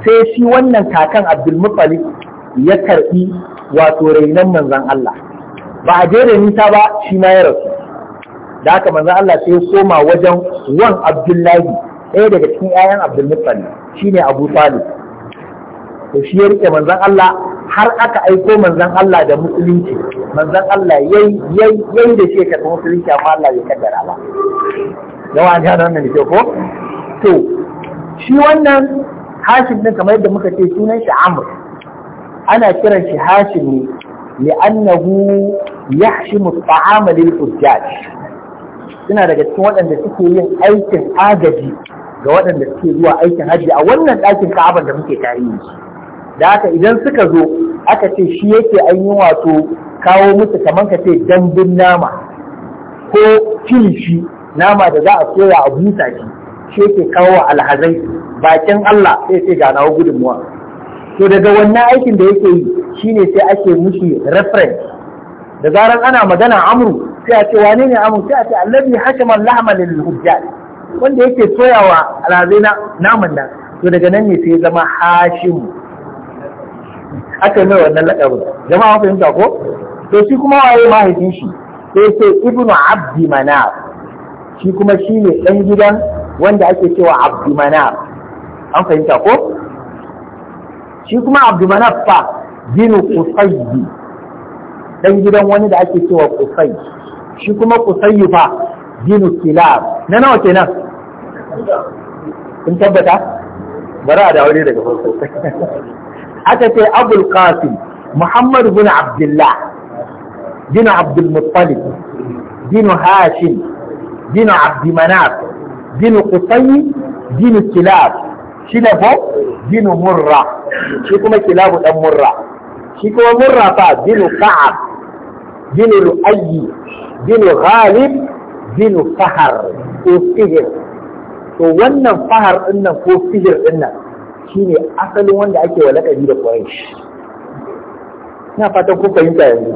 sai shi wannan kakan Abdul Muttalib ya karɓi wato rainon manzon Allah ba a je da nisa ba shi ma ya rasu da haka manzon Allah sai ya koma wajen wan Abdullahi ɗaya daga cikin 'ya'yan Abdul Muttalib shine Abu Talib to shi ya rike manzon Allah har aka aiko manzon Allah da musulunci manzon Allah yayi yayi yayi da shi ya musulunci amma Allah bai kaddara ba yawa an gane wannan da ko to shi wannan hashim din kamar yadda muka ce sunan shi amr ana kiran shi hashim ne li'annahu yahshimu at-ta'ama lil hujjaj suna daga cikin waɗanda suke yin aikin agaji ga waɗanda suke zuwa aikin hajji a wannan ɗakin ka'aban da muke tarihi da haka idan suka zo aka ce shi yake an yi wato kawo musu kamar ka ce dambun nama ko kilishi nama da za a soya a buta shi shi yake kawo alhazai bakin Allah sai ce ga nawa gudunmuwa to daga wannan aikin da yake yi shine sai ake mushi reference da zaran ana magana amru sai a ce wane ne amru sai a ce allabi hashama lahma lil hujjat wanda yake soyawa alhazai naman nan to daga nan ne sai zama Hashimu. aka mai wannan laƙabin jama'a fahimta ko to shi kuma waye mahaifin shi sai sai ibnu abdi manaf shi kuma shi ne ɗan gidan wanda ake cewa abdi manaf an fahimta ko shi kuma abdi manaf fa ginu kusayi ɗan gidan wani da ake cewa kusayi shi kuma kusayi fa ginu kilab na nawa kenan kun tabbata bari a dawo daga farko aka ce abul qasim muhammad bin abdullah bin abdul muttalib bin hashim bin abd manaf bin qusay bin kilab shi ne ko bin murra shi kuma kilabu dan murra shi kuma murra fa bin ka'ab bin ru'ayyi bin ghalib bin fahar ko sihir to wannan fahar ɗinnan ko sihir ɗinnan. ne asalin wanda ake wa da quraish ina fatan kun fahimta yanzu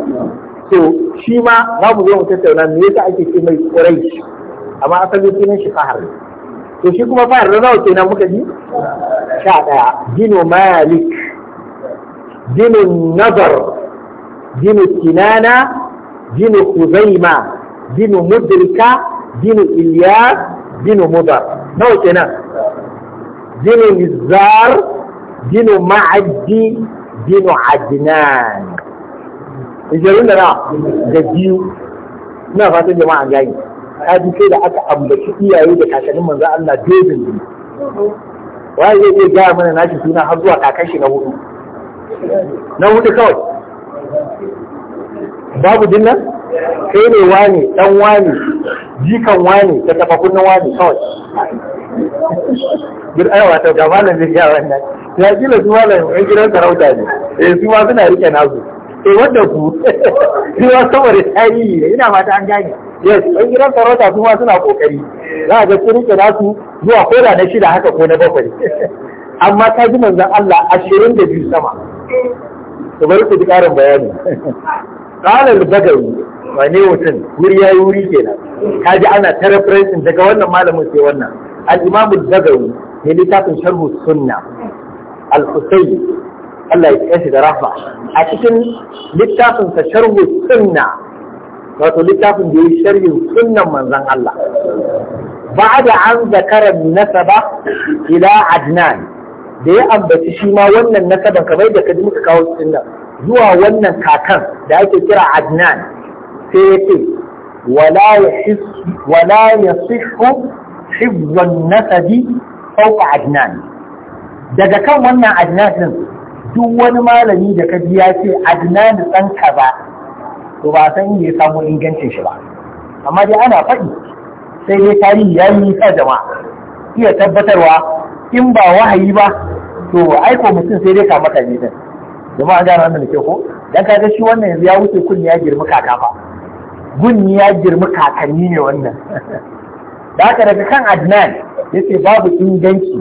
to shi ma za mu zo mu tattauna me yasa ake ce mai quraish amma asalin sunan shi fahar to shi kuma fahar da nawa kenan muka ji sha ɗaya dino malik dino nazar dino kinana dino kuzaima dino mudrika dino iliyar dino mudar nawa kenan dinu Nizar, dinu ma'adi dinu Adnan. Ijerun da na da biyu, ina fatan jama'a gani. Ta bi sai da aka ambaci iyaye da kakannin manzo Allah dozin ne. Wani zai iya gaya mana nashi suna har zuwa kakashi na hudu. Na hudu kawai. Babu dinnan? Kai ne wani, wani, jikan wani, da tafakunan wani kawai. duk ai wato ga malam zai ya wannan ya kila su malam yan gidan sarauta ne eh su ma suna rike nasu eh wanda ku su ma saboda tarihi ne ina mata an gane yes yan gidan sarauta su ma suna kokari za a ga su rike nasu zuwa ko da na shida haka ko na bakwai amma ta ji manzon Allah ashirin da biyu sama to bari ku ji karin bayani qala bagawi wane mutum wuri yayi wuri kenan kaji ana ta referencing daga wannan malamin sai wannan al-imam al-dabawi ne littafin sharh sunna al-husayn Allah ya kiyaye da rahma a cikin littafin sa sharh sunna littafin da ya yi sharhin sunnan manzon Allah ba'da an zakara nasaba ila adnan da ya ambaci shi ma wannan nasaban kamar da kaji muka kawo cikin zuwa wannan kakan da ake kira Adnan sai ya ce wala yasihu hibban nasabi fauka adnan daga kan wannan adnan din duk wani malami da ka ya ce adnan dan kaza to ba san inda ya samu ingancin shi ba amma dai ana faɗi sai dai tarihi ya yi nisa jama'a iya tabbatarwa in ba wahayi ba to aiko mutum sai dai ka maka ne din jama'a gane wannan ke ko dan ga shi wannan yanzu ya wuce kunni ya girmi kaka fa gunni ya girmi kakanni ne wannan da aka daga kan adnan ya ce babu inganci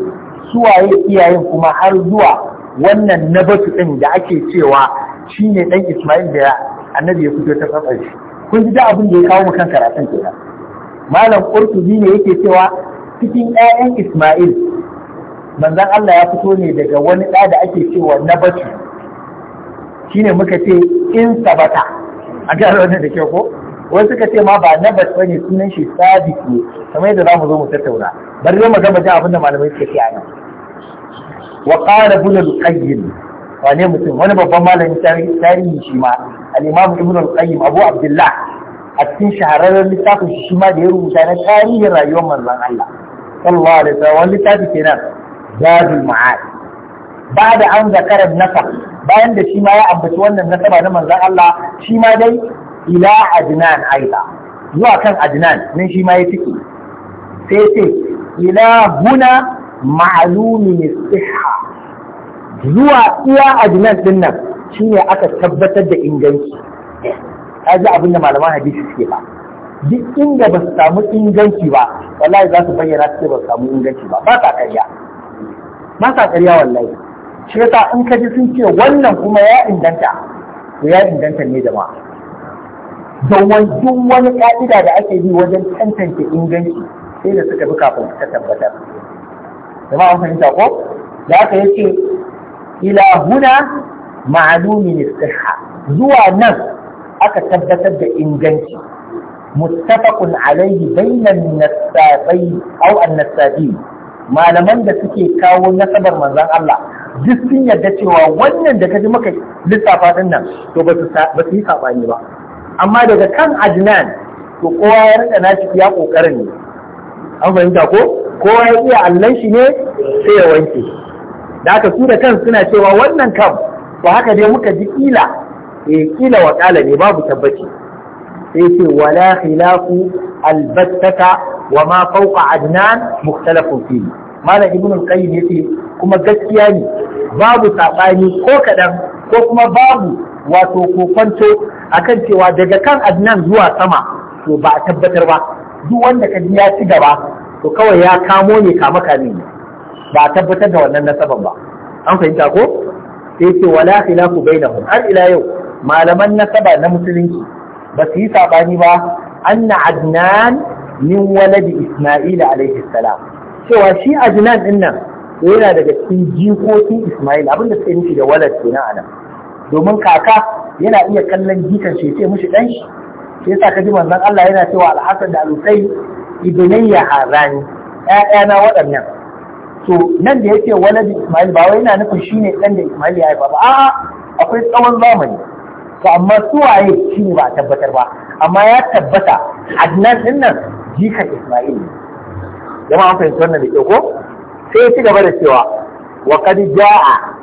suwaye iyayen kuma har zuwa wannan nabatu ɗin da ake cewa shi ne ɗan isma'il da annabi ya fito ta tsatsar shi kun ji da abin da ya kawo kan karatun kenan malam qurtubi ne yake cewa cikin 'ya'yan isma'il manzon Allah ya fito ne daga wani ɗa da ake cewa na nabatu shine muka ce in sabata a ga wannan da kyau ko wasu suka ce ma ba ba ne sunan shi sabit ne kamar yadda mu zo mu tattauna bari mu ga bajin abin da malamai suka ce anan wa qala ibn al-qayyim wane mutum wani babban malamin tarihi shi ma al-imam ibn al-qayyim abu abdullah a cikin shahararren littafin shi ma da ya rubuta na tarihin rayuwar manzon Allah sallallahu alaihi wasallam wani littafi kenan zadul ma'ad ba da an zakarar nasa bayan da shi ma ya ambaci wannan nasaba na manzon Allah shi ma dai ila adnan aida zuwa kan adnan nan shi ma ya tiki sai ce ila huna ma'lumin siha. zuwa iya adnan din nan shine aka tabbatar da inganci kaji abin da malaman hadisi suke ba duk inda ba su samu inganci ba wallahi za su bayyana su ba su samu inganci ba ba sa karya ba sa karya wallahi shi yasa in ka ji sun ce wannan kuma ya inganta to ya inganta ne jama'a don duk wani ƙa'ida da ake bi wajen tantance inganci sai da suka bi kafin ta tabbatar zama an fahimta ko da aka yace ila huna ma'lumin sihha zuwa nan aka tabbatar da inganci muttafaqun alaihi bainan nasabai aw an-nasabi malaman da suke kawo nasabar manzon Allah duk sun yarda cewa wannan da kaji maka lissafa din nan to ba su yi sabani ba amma daga kan adnan to kowa ya rika nashi ya kokarin ne an fahimta ko kowa ya iya allon shi ne sai ya wanke da aka su da kan suna cewa wannan kam Ba haka dai muka ji kila eh kila wa kala ne babu tabbaci sai ce wala khilafu albattaka wa ma fawqa adnan mukhtalafun fihi malam ibnu qayyim yace kuma gaskiya ne babu sabani ko kadan ko kuma babu wato ko a akan cewa daga kan Adnan zuwa sama to ba a tabbatar ba duk wanda ka ji ya ci gaba to kawai ya kamo ne kama kame ne ba a tabbatar da wannan nasaban ba an fahimta ko sai ce wala khilafu bainahum har ila yau malaman nasaba na musulunci ba su yi sabani ba anna Adnan min waladi Isma'il alaihi salam cewa shi Adnan din nan yana daga cikin jikokin Isma'il abinda suka nufi da walad kenan anan domin kaka yana iya kallon jikan shi ce mushi dan shi sai yasa kaji manzon Allah yana cewa al-Hasan da al-Husayn ibnayya hazani na waɗannan to nan da yake waladi Ismail ba wai yana nufin shine dan da Ismail ya haifa ba a'a akwai tsawon zamani to amma suwaye shine ba a tabbatar ba amma ya tabbata Adnan din nan jikan Ismail ne jama'a an fahimci wannan da kyau ko sai ya ci gaba da cewa wa qad jaa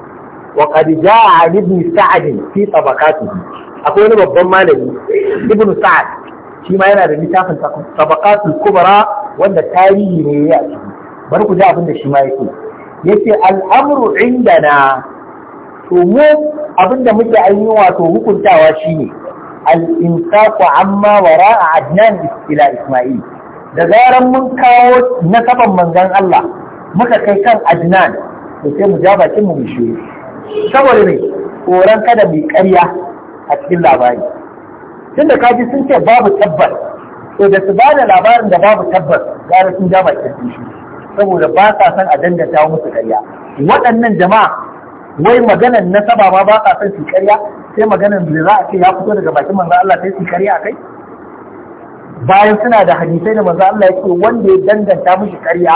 wa qad jaa an ibn sa'd fi tabaqatihi akwai wani babban malami ibn sa'd shi ma yana da littafin tabaqatul kubra wanda tarihi ne ya ci bari ku ji abin da shi ma yake yace al'amru indana to mu abin da muke ainihin wato hukuntawa shine al-insaku amma wara'a isma'il da zaran mun kawo nasaban manzon Allah muka kai kan adnan to sai mu ja bakin mu mu shi saboda ne tsoron kada mai karya a cikin labari tun da kaji sun ce babu tabbas to da su ba da labarin da babu tabbas gara sun ja bakin shi saboda ba sa son a danganta musu karya waɗannan jama'a wai maganan nasaba ma ba sa son su karya sai maganan da za a ce ya fito daga bakin manzo Allah sai su karya kai bayan suna da hadisai da manzo Allah ya ce wanda ya danganta mishi karya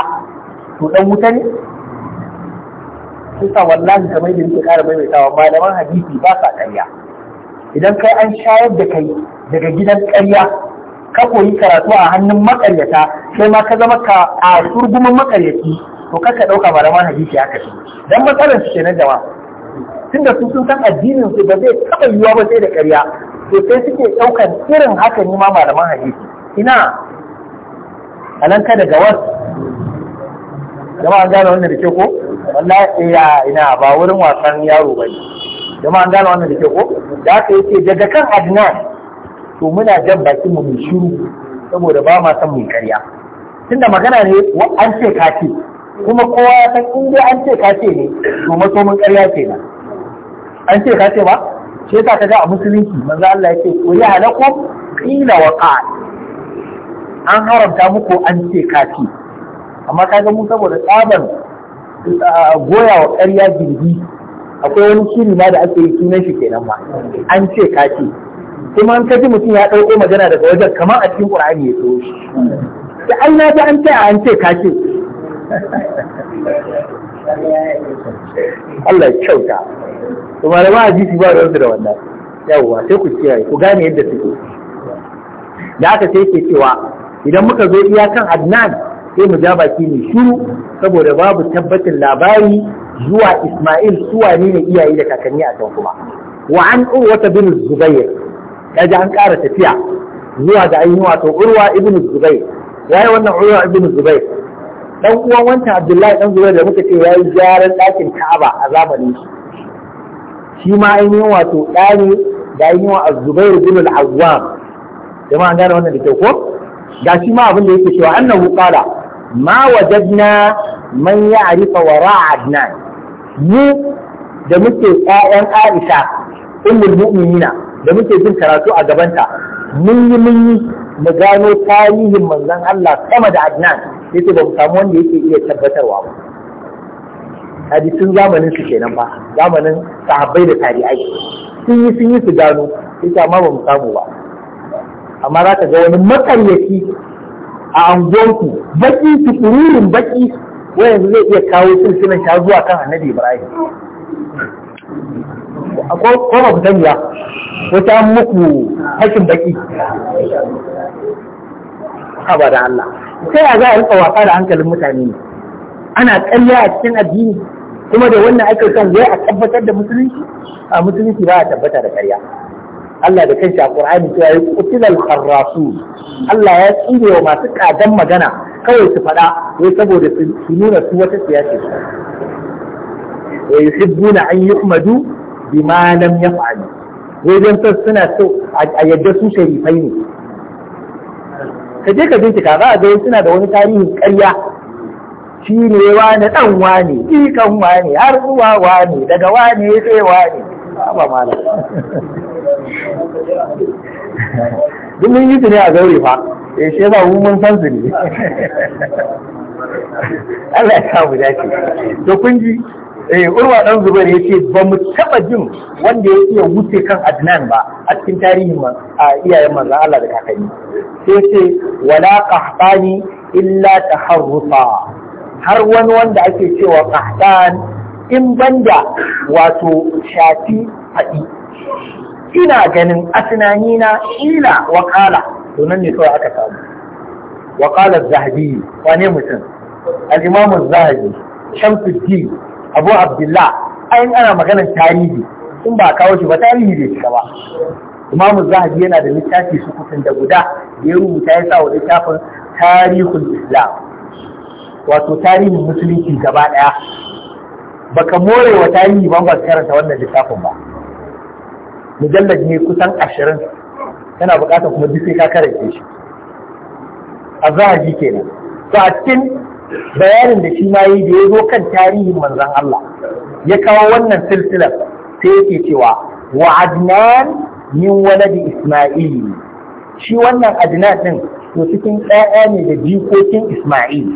to dan wuta ne kusa wallahi kamar da nake ƙara maimaitawa malaman hadisi ba sa karya. idan kai an shayar da kai daga gidan karya, ka koyi karatu a hannun makaryata sai ma ka zama ka a surgumin makaryaci to kaka ɗauka malaman hadisi aka shi dan matsalar su kenan jama'a tunda su sun san addinin su ba zai taɓa yiwuwa ba sai da karya, to sai suke ɗaukan irin haka ne ma malaman hadisi ina anan ka daga wasu jama'a an gane wannan da ke ko wallahi eh, ya ina ba wurin wasan yaro ba ne jama'a an gane wannan da ke ko da aka yake daga kan adnan to muna jan bakin mu mai shiru saboda ba ma san mu karya tunda magana ne an ce ka ce kuma kowa ya san in dai an ce ka ce ne to mun karya ce na an ce ka ce ba sai ka kaga a musulunci manzo Allah yake ko ya halakum qila wa qa an haramta muku an ce ka ce amma kaga mu saboda tsaban goya wa ƙarya jirgi akwai wani shiri ma da ake yi sunan shi kenan ma an ce ka ce kuma an kaji mutum ya ɗauko magana daga wajen kamar a cikin ƙur'ani ya so shi da an na ji an ce an ce ka ce Allah kyauta da malama a jisi ba da wannan yawwa sai ku kiyaye ku gane yadda suke da aka sai ke cewa idan muka zo iyakan Adnan sai mu ja baki mai shiru saboda babu tabbacin labari zuwa Isma'il suwa ne ne iyaye da kakanni a can kuma wa an urwata bin Zubair ji an ƙara tafiya zuwa ga ainihin wato urwa ibn Zubair yi wannan urwa ibn Zubair dan uwan wancan Abdullahi dan Zubair da muka ce ya yi gyaran ɗakin Ka'aba a zamanin shi shi ma ainihin wato ɗani da ainihin wa Zubair bin al-Awwam jama'a an gane wannan da kyau ko ga shi ma abin da yake cewa annahu qala ma wajadna man ya'rifa wara adnan mu da muke ƴaƴan Aisha ummul mu'minina da muke jin karatu a gabanta mun yi mun yi mu gano tarihin manzon Allah sama da Adnan yace ba mu samu wanda yake iya tabbatarwa ba hadisin zamanin su kenan ba zamanin sahabbai da tabi'ai sun yi sun yi su gano yace amma ba mu samu ba amma za ka ga wani makaryaci a anguwanku baki tukururin baki wayan zai iya kawo silsilan ta zuwa kan annabi ibrahim ko ba ku sani wata muku hakin baki haba da Allah sai a za a rika wasa da hankalin mutane ana ƙarya a cikin addini kuma da wannan aikin son wai a tabbatar da musulunci a musulunci ba a tabbata da karya Allah da kanshi a Qur'ani cewa ya kutilal kharrasu Allah ya tsire wa masu kadan magana kawai su faɗa wai saboda su nuna su wata siyasa wa yuhibbuna an yuhmadu bima lam yaf'alu wai dan san suna so a yadda su sharifai ne ka je ka bincika za ga suna da wani tarihin ƙarya shi ne wa dan wane ikan wane har zuwa wane daga wane sai ba malam duk mun yi su ne a zaure fa E, shi yasa mun mun san su ne Allah ya sa mu dace to kun ji eh urwa dan zubair yace ba mu taba jin wanda ya iya wuce kan adnan ba a cikin tarihin a iyayen manzo Allah da kakanni sai ce wala qahtani illa taharrufa har wani wanda ake cewa qahtan in banda wato shafi faɗi ina ganin a tunanina ila wakala to nan ne kawai aka samu wakalar zahabi wane mutum al'imamun zahabi shamsuddin abu abdullah ayin ana maganar tarihi in ba kawo shi ba tarihi bai cika ba imamun zahabi yana da littafi su kusan da guda da ya rubuta ya sa wa littafin tarihul islam wato tarihin musulunci gaba daya baka more wa tarihi ban ba karanta wannan littafin ba mujallad ne kusan ashirin yana bukatar kuma duk sai ka karanta shi a zahari kenan to a cikin bayanin da shi ma yi da ya zo kan tarihin manzan Allah ya kawo wannan silsilar sai yake cewa wa Adnan min waladi Isma'il shi wannan Adnan din to cikin ɗaya ne da jikokin Isma'il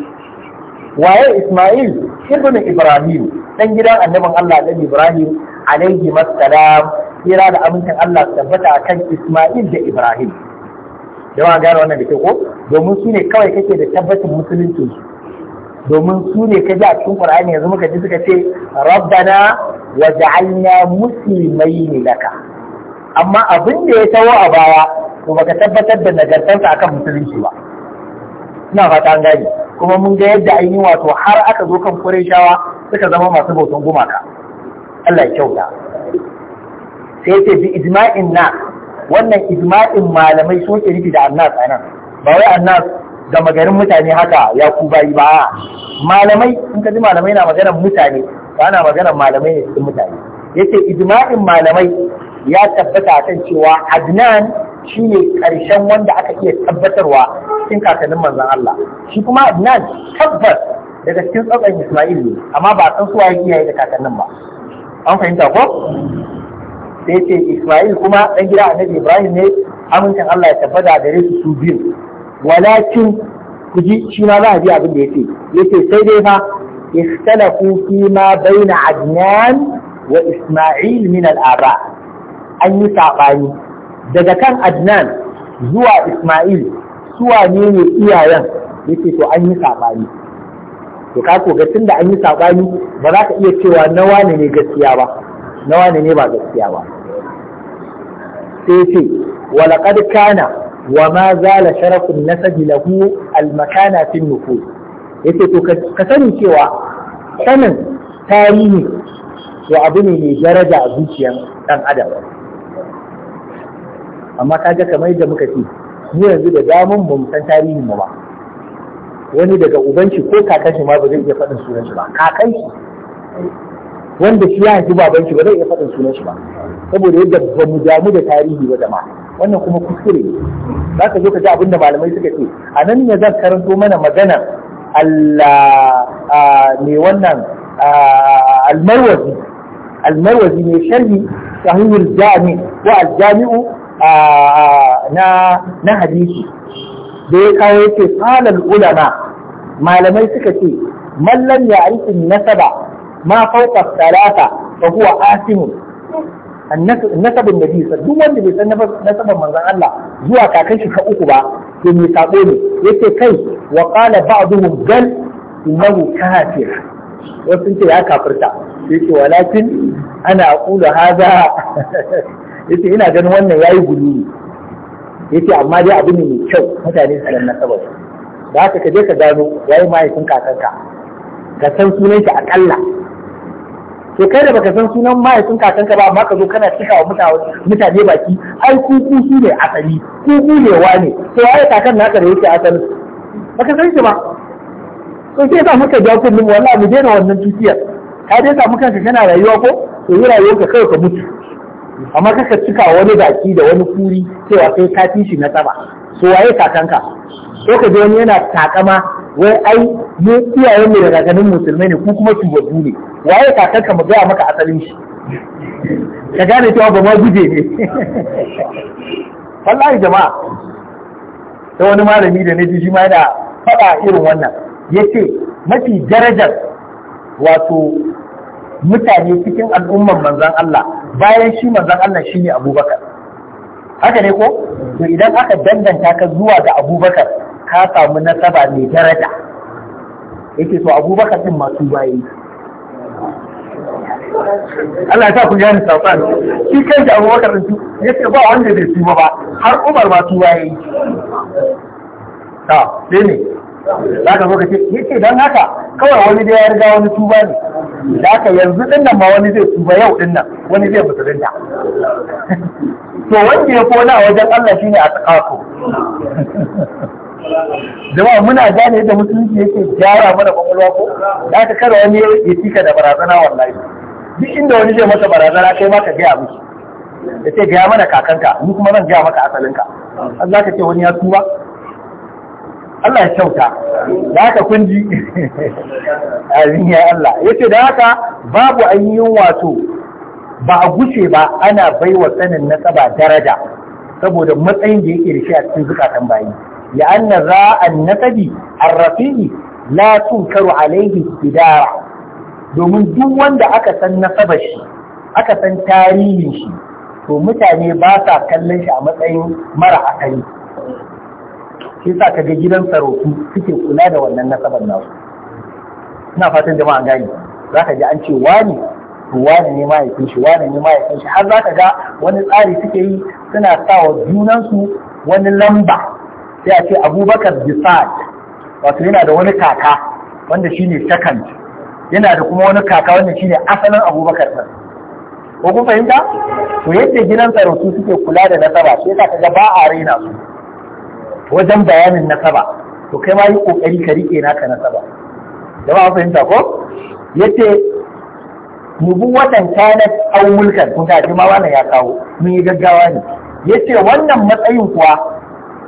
waye Ismail ibn Ibrahim dan gidan annabin Allah dan Ibrahim alaihi masalam kira da amincin Allah tabbata akan Ismail da Ibrahim yawa gane wannan da ke ko domin su ne kawai kake da tabbacin musulunci domin su ne ka ji a cikin Qur'ani yanzu muka ji suka ce rabbana waj'alna muslimaini laka amma abin da ya tawo a baya to baka tabbatar da nagartansa akan musulunci ba ina fata an gane kuma mun ga yadda ainihin wato har aka zo kan shawa suka zama masu bautan gumaka Allah ya kyauta sai ce bi ijma'in na wannan ijma'in malamai sun ke nufi da annas anan ba wai annas ga garin mutane haka ya ku bayi ba malamai in ka ji malamai na maganar mutane ba na maganar malamai ne cikin mutane yace ijma'in malamai ya tabbata kan cewa Adnan Shi ne ƙarshen wanda aka iya tabbatarwa cikin kakannin manzan Allah shi kuma Adnan tabbas daga cikin tsatsan Isma'il ne amma ba san suwa ya iyaye da kakannin ba an fahimta ko sai ce Isma'il kuma ɗan gida Annabi Ibrahim ne amincin Allah ya tabbata gare su su biyu walakin ku ji shi ma za a ji abin da yace yace sai dai fa ikhtalafu fi ma baina Adnan wa Isma'il min al-aba an yi saɓani daga kan adnan zuwa ismail suwa ne ne iyayen yake to an yi saɓani to ka ko ga tunda an yi saɓani ba za ka iya cewa na wane ne gaskiya ba na wane ne ba gaskiya ba sai ce walaƙad kana wa ma zala sharafin nasabi lahu almakana fin nufu. yace to ka sani cewa sanin tarihi to abu ne mai daraja a zuciyar ɗan adam amma kaga kamar yadda muka ce mu yanzu da damun mu san tarihin mu ba wani daga ubanci ko kakan shi ma ba zai iya faɗin sunan shi ba kakan shi wanda shi ya haifi baban shi ba zai iya faɗin sunan shi ba saboda yadda ba mu damu da tarihi ba jama'a wannan kuma kuskure ne za ka zo ka ji abin da malamai suka ce a nan ne zan karanto mana magana Allah ne wannan almarwazi almarwazi ne sharhi sahihul jami'u wa aljami'u na hadisi da ya kawo yake qalal ulama malamai suka ce man lam ya'rifin nasaba ma fawqa thalatha fa huwa asimun nasabin nabi duk wanda bai san nasabar manzan Allah zuwa kakan shi ka uku ba to mai sabo ne yace kai wa qala ba'dhum gal innahu kafir wasu sun ce ya kafirta walakin ana aqulu hadha yace ina ganin wannan yayi Ya ce amma dai abu ne mai kyau mutane su san nasabar da haka ka je ka gano yayi mahaifin kakanka ka san sunan shi akalla to kai da baka san sunan mahaifin kakanka ba amma ka zo kana cika wa mutane baki ai kuku su ne asali kuku ne wane to ai kakan naka da yake asali baka san shi ba to sai ka muka jawo kullum wallahi mu daina wannan tutiyar ka dai samu kanka kana rayuwa ko to yi rayuwar ka kawai ka mutu amma kaka cika wani baki da wani furi cewa sai ka fi shi na tsaba so waye kakanka ko ka ji wani yana takama wai ai mu iyayen mu daga ganin musulmai ne ku kuma shugabbu ne waye kakanka mu gaya maka asalin shi ka gane cewa ba ma guje ne wallahi jama'a sai wani malami da na ji shi ma yana faɗa irin wannan yace mafi darajar wato mutane cikin al'ummar manzon Allah bayan shi manzon Allah shine Abubakar haka ne ko to idan aka danganta ka zuwa ga Abubakar ka samu nasaba mai daraja yake to Abubakar din masu bayi Allah ya sa ku gani sauƙan shi kai da Abubakar din ya ce ba wanda bai tuba ba har Umar ma tuba yayi ta sai ne za ka zo ka ce yake don haka kawai wani da ya riga wani tuba ne da aka yanzu din nan ma wani zai tuba yau din nan wani zai musulunta to wanda ya kona wajen Allah shine a tsakako jama'a muna gane yadda musulunci yake gyara mana kwakwalwa ko da ka kada wani ya tika da barazana wallahi duk inda wani zai masa barazana kai ma ka gaya musu ya ce gaya mana kakanka ni kuma zan gaya maka asalinka an za ka ce wani ya tuba Allah ya kyauta da haka kun ji amin ya Allah yace da haka babu ainihin wato ba a gushe ba ana baiwa sanin nasaba daraja saboda matsayin da yake da shi a cikin zukatan bayi la'anna za'an nasabi ar-rafi'i la tunkaru alaihi idara domin duk wanda aka san nasabar shi aka san tarihin shi to mutane ba sa kallon shi a matsayin mara akari shi sa ka ga gidan sarautu suke kula da wannan nasabar nasu ina fatan jama'a gani za ka ji an ce wani wani ne ma shi wani ne ma shi har za ka ga wani tsari suke yi suna sa wa junansu wani lamba sai a ce abubakar bisad wato yana da wani kaka wanda shine second yana da kuma wani kaka wanda shine asalin abubakar ɗin ko kun fahimta to yadda gidan sarautu suke kula da nasaba sai ka ga ba a raina su wajen bayanin nasaba to kai ma yi kokari ka rike naka nasaba jama'a fahimta ko yace watan kanat au mulkan kun ga ma wannan ya kawo mun yi gaggawa ne yace wannan matsayin kuwa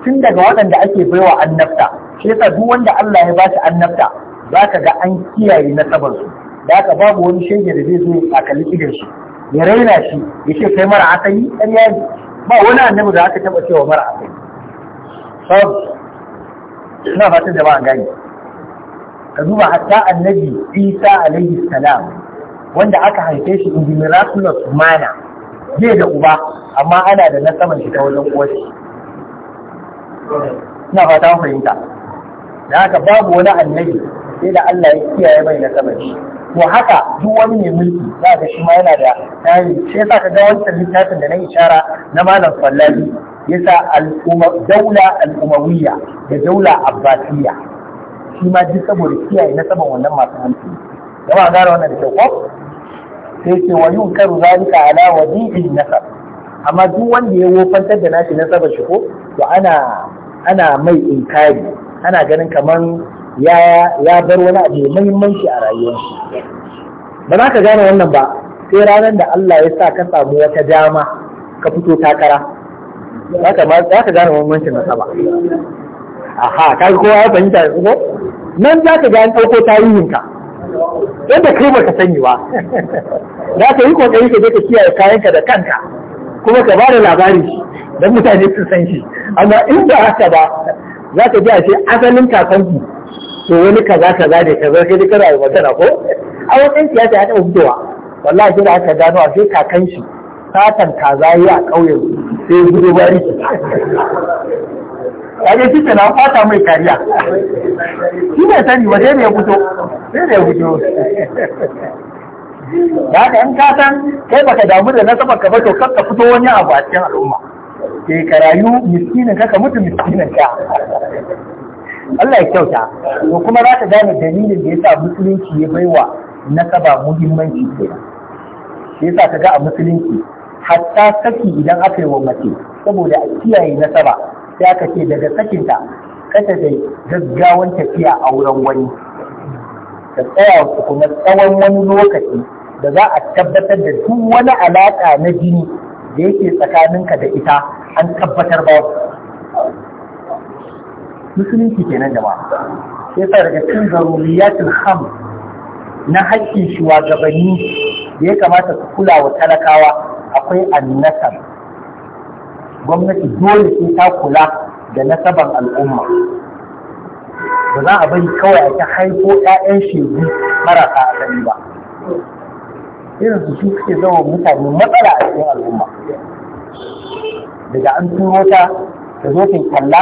tun daga waɗanda ake baiwa annabta shi yasa duk wanda Allah ya bashi annabta zaka ga an kiyaye nasabar su da ka babu wani shege da zai zo ya kalli idan shi ya raina shi ya ce kai mara asali ƙarya ne ba wani annabi da aka taba cewa mara asali sabu ina fatan da ba a gani ka duba hatta annabi isa alaihi salam wanda aka haife shi in miraculous mana zai da uba amma ana da na saman shi ta wajen uwarshi ina fata fahimta da haka babu wani annabi sai da Allah ya kiyaye mai na saman shi to haka duk wani ne mulki za ka shi ma yana da tayi sai sa ka ga wancan littafin da na ishara na malam fallabi yasa daula al'umawiyya da daula abbasiyya shi ma duk saboda kiyaye na saman wannan masu hanci yawa gara wannan da kyau sai ce wa yun karu zalika ala wadi'in nasab amma duk wanda ya wofantar da nashi nasabar shi ko to ana ana mai inkari ana ganin kamar ya ya bar wani abu mai muhimmanci a rayuwar shi ba za ka gane wannan ba sai ranar da Allah ya sa ka samu wata dama ka fito takara za ka gane bambancin nasaba aha ka kowa ya fahimta yanzu ko nan za ka gane ɗauko tarihinka yadda kai baka sani ba za ka yi kokari ka je ka kiyaye kayanka da kanka kuma ka ba da labari don mutane su san shi amma in ba haka ba za ka ji a ce asalin kakanku to wani kaza kaza ne kaza kai dai kana magana ko a wajen siyasa ya taɓa fitowa wallahi sai da aka gano a sai kakan shi satan kaza yi a ƙauyen sai gudu bari ne shi na fata mai kariya shi ne sani ba sai ne ya fito sai ne ya fito da haka in ka san kai baka damu da nasabar ka ba to kakka fito wani abu a cikin al'umma ke ka rayu miskinin ka ka mutu miskinin ka Allah ya kyauta to kuma za ka gane dalilin da ya sa musulunci ya baiwa nasaba muhimmanci ke shi yasa ka ga a musulunci hatta saki idan aka yi wa mace saboda a kiyaye nasaba sai aka ce daga sakinta kasa da gaggawan tafiya a wurin wani ta tsaya kuma tsawon wani lokaci da za a tabbatar da duk wani alaƙa na jini da yake tsakaninka da ita an tabbatar ba musulunci kenan ba. sai sa daga cikin zaruriyatul ham na haƙƙin shugabanni da ya kamata su kula wa talakawa akwai annasab gwamnati dole sai ta kula da nasaban al'umma ba za a bari kawai a ta haifo 'ya'yan shegu marasa asali ba irin su shi suke zama mutane matsala a cikin al'umma daga an turo ta ta zo ta kalla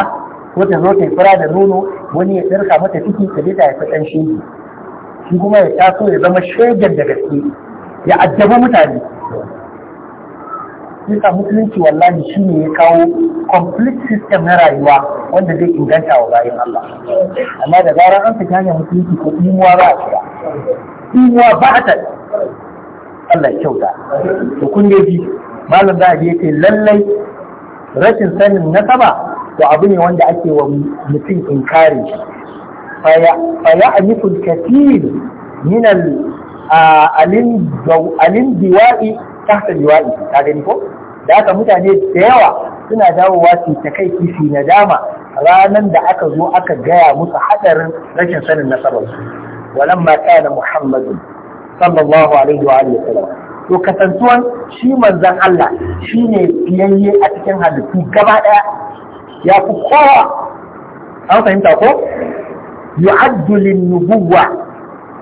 ko ta zo ta fura da nono wani ya tsirka mata ciki ta ta haifi ɗan shegi shi kuma ya taso ya zama shegen da gaske ya addabi mutane yasa musulunci wallahi shine ya kawo complete system na rayuwa wanda zai inganta wa bayan Allah amma da zarar an fita hanyar musulunci ko imuwa ba a shiga imuwa ba a Allah ya kyauta to kun dai ji malam a ya ce lallai rashin sanin nasaba to abu ne wanda ake wa mutum inkari shi faya anifun kathir min al alindiwa'i tahta liwa'i ka gani ko da haka mutane da yawa suna dawowa su ta kai kifi na dama ranan da aka zo aka gaya musu hadarin rashin sanin nasabar su walamma kana muhammadun sallallahu alaihi wa alihi wasallam to kasantuwan shi manzon Allah shine fiyayye a cikin halittu gaba daya ya ku kowa an fahimta ko yu'addu lin nubuwa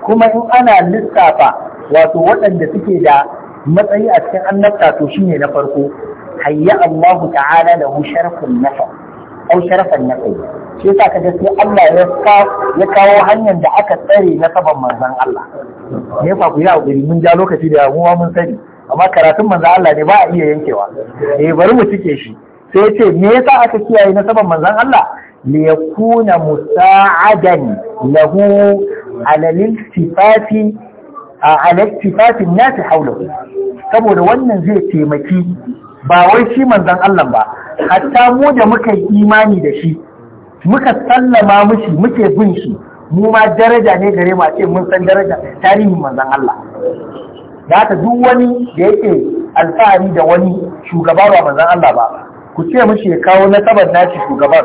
kuma in ana lissafa wato waɗanda suke da matsayi a cikin annabta to shine na farko hayya Allah ta'ala lahu sharafun nafa au sharafan nafi shi yasa kaga sai Allah ya ya kawo hanyar da aka tsare na saban manzon Allah me fa ku yi hakuri mun ja lokaci da mu mun sani amma karatun manzon Allah ne ba a iya yankewa eh bari mu cike shi sai ce me yasa aka kiyaye na saban manzon Allah li yakuna musa'adan lahu ala al-iltifati على التفات الناس حوله saboda wannan zai taimaki ba wai shi manzan Allah ba hatta mu da muka yi imani da shi muka sallama mushi muke bin shi mu ma daraja ne gare mu ce mun san daraja tarihin manzan Allah da haka duk wani da yake alfahari da wani shugaba ba manzan Allah ba ku ce mushi ya kawo nasabar nashi shugaban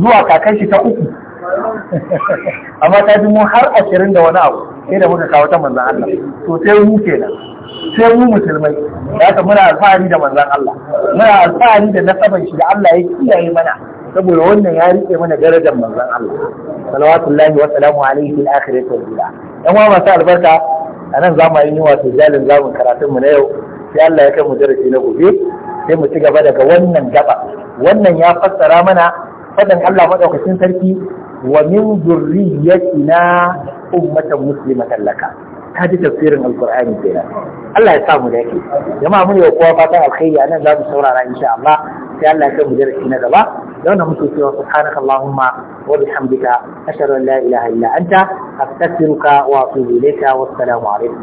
zuwa kakan shi ta uku amma ta har ashirin da wani abu sai da muka kawo ta manzan Allah to sai mu kenan sai mu musulmai da haka muna alfahari da manzon Allah muna alfahari da nasaban shi da Allah ya kiyaye mana saboda wannan ya rike mana darajar manzon Allah salawatullahi wa salamu alaihi fil akhirati wal ula yan uwa masu albarka a nan za mu yi wato jalin zamun mu na yau sai Allah ya kai mu darasi na gobe sai mu ci gaba daga wannan gaba wannan ya fassara mana fadan Allah madaukakin sarki wa min zurriyatina ummatan muslimatan laka ka ji tafsirin alkur'ani kenan Allah ya samu da yake jama'a mun yau kowa fatan alkhairi a nan za mu saurara insha Allah sai Allah ya kai mu darasi na gaba da wannan muke cewa subhanaka allahumma wa bihamdika ashhadu an la ilaha illa anta astaghfiruka wa atubu ilayka wassalamu alaikum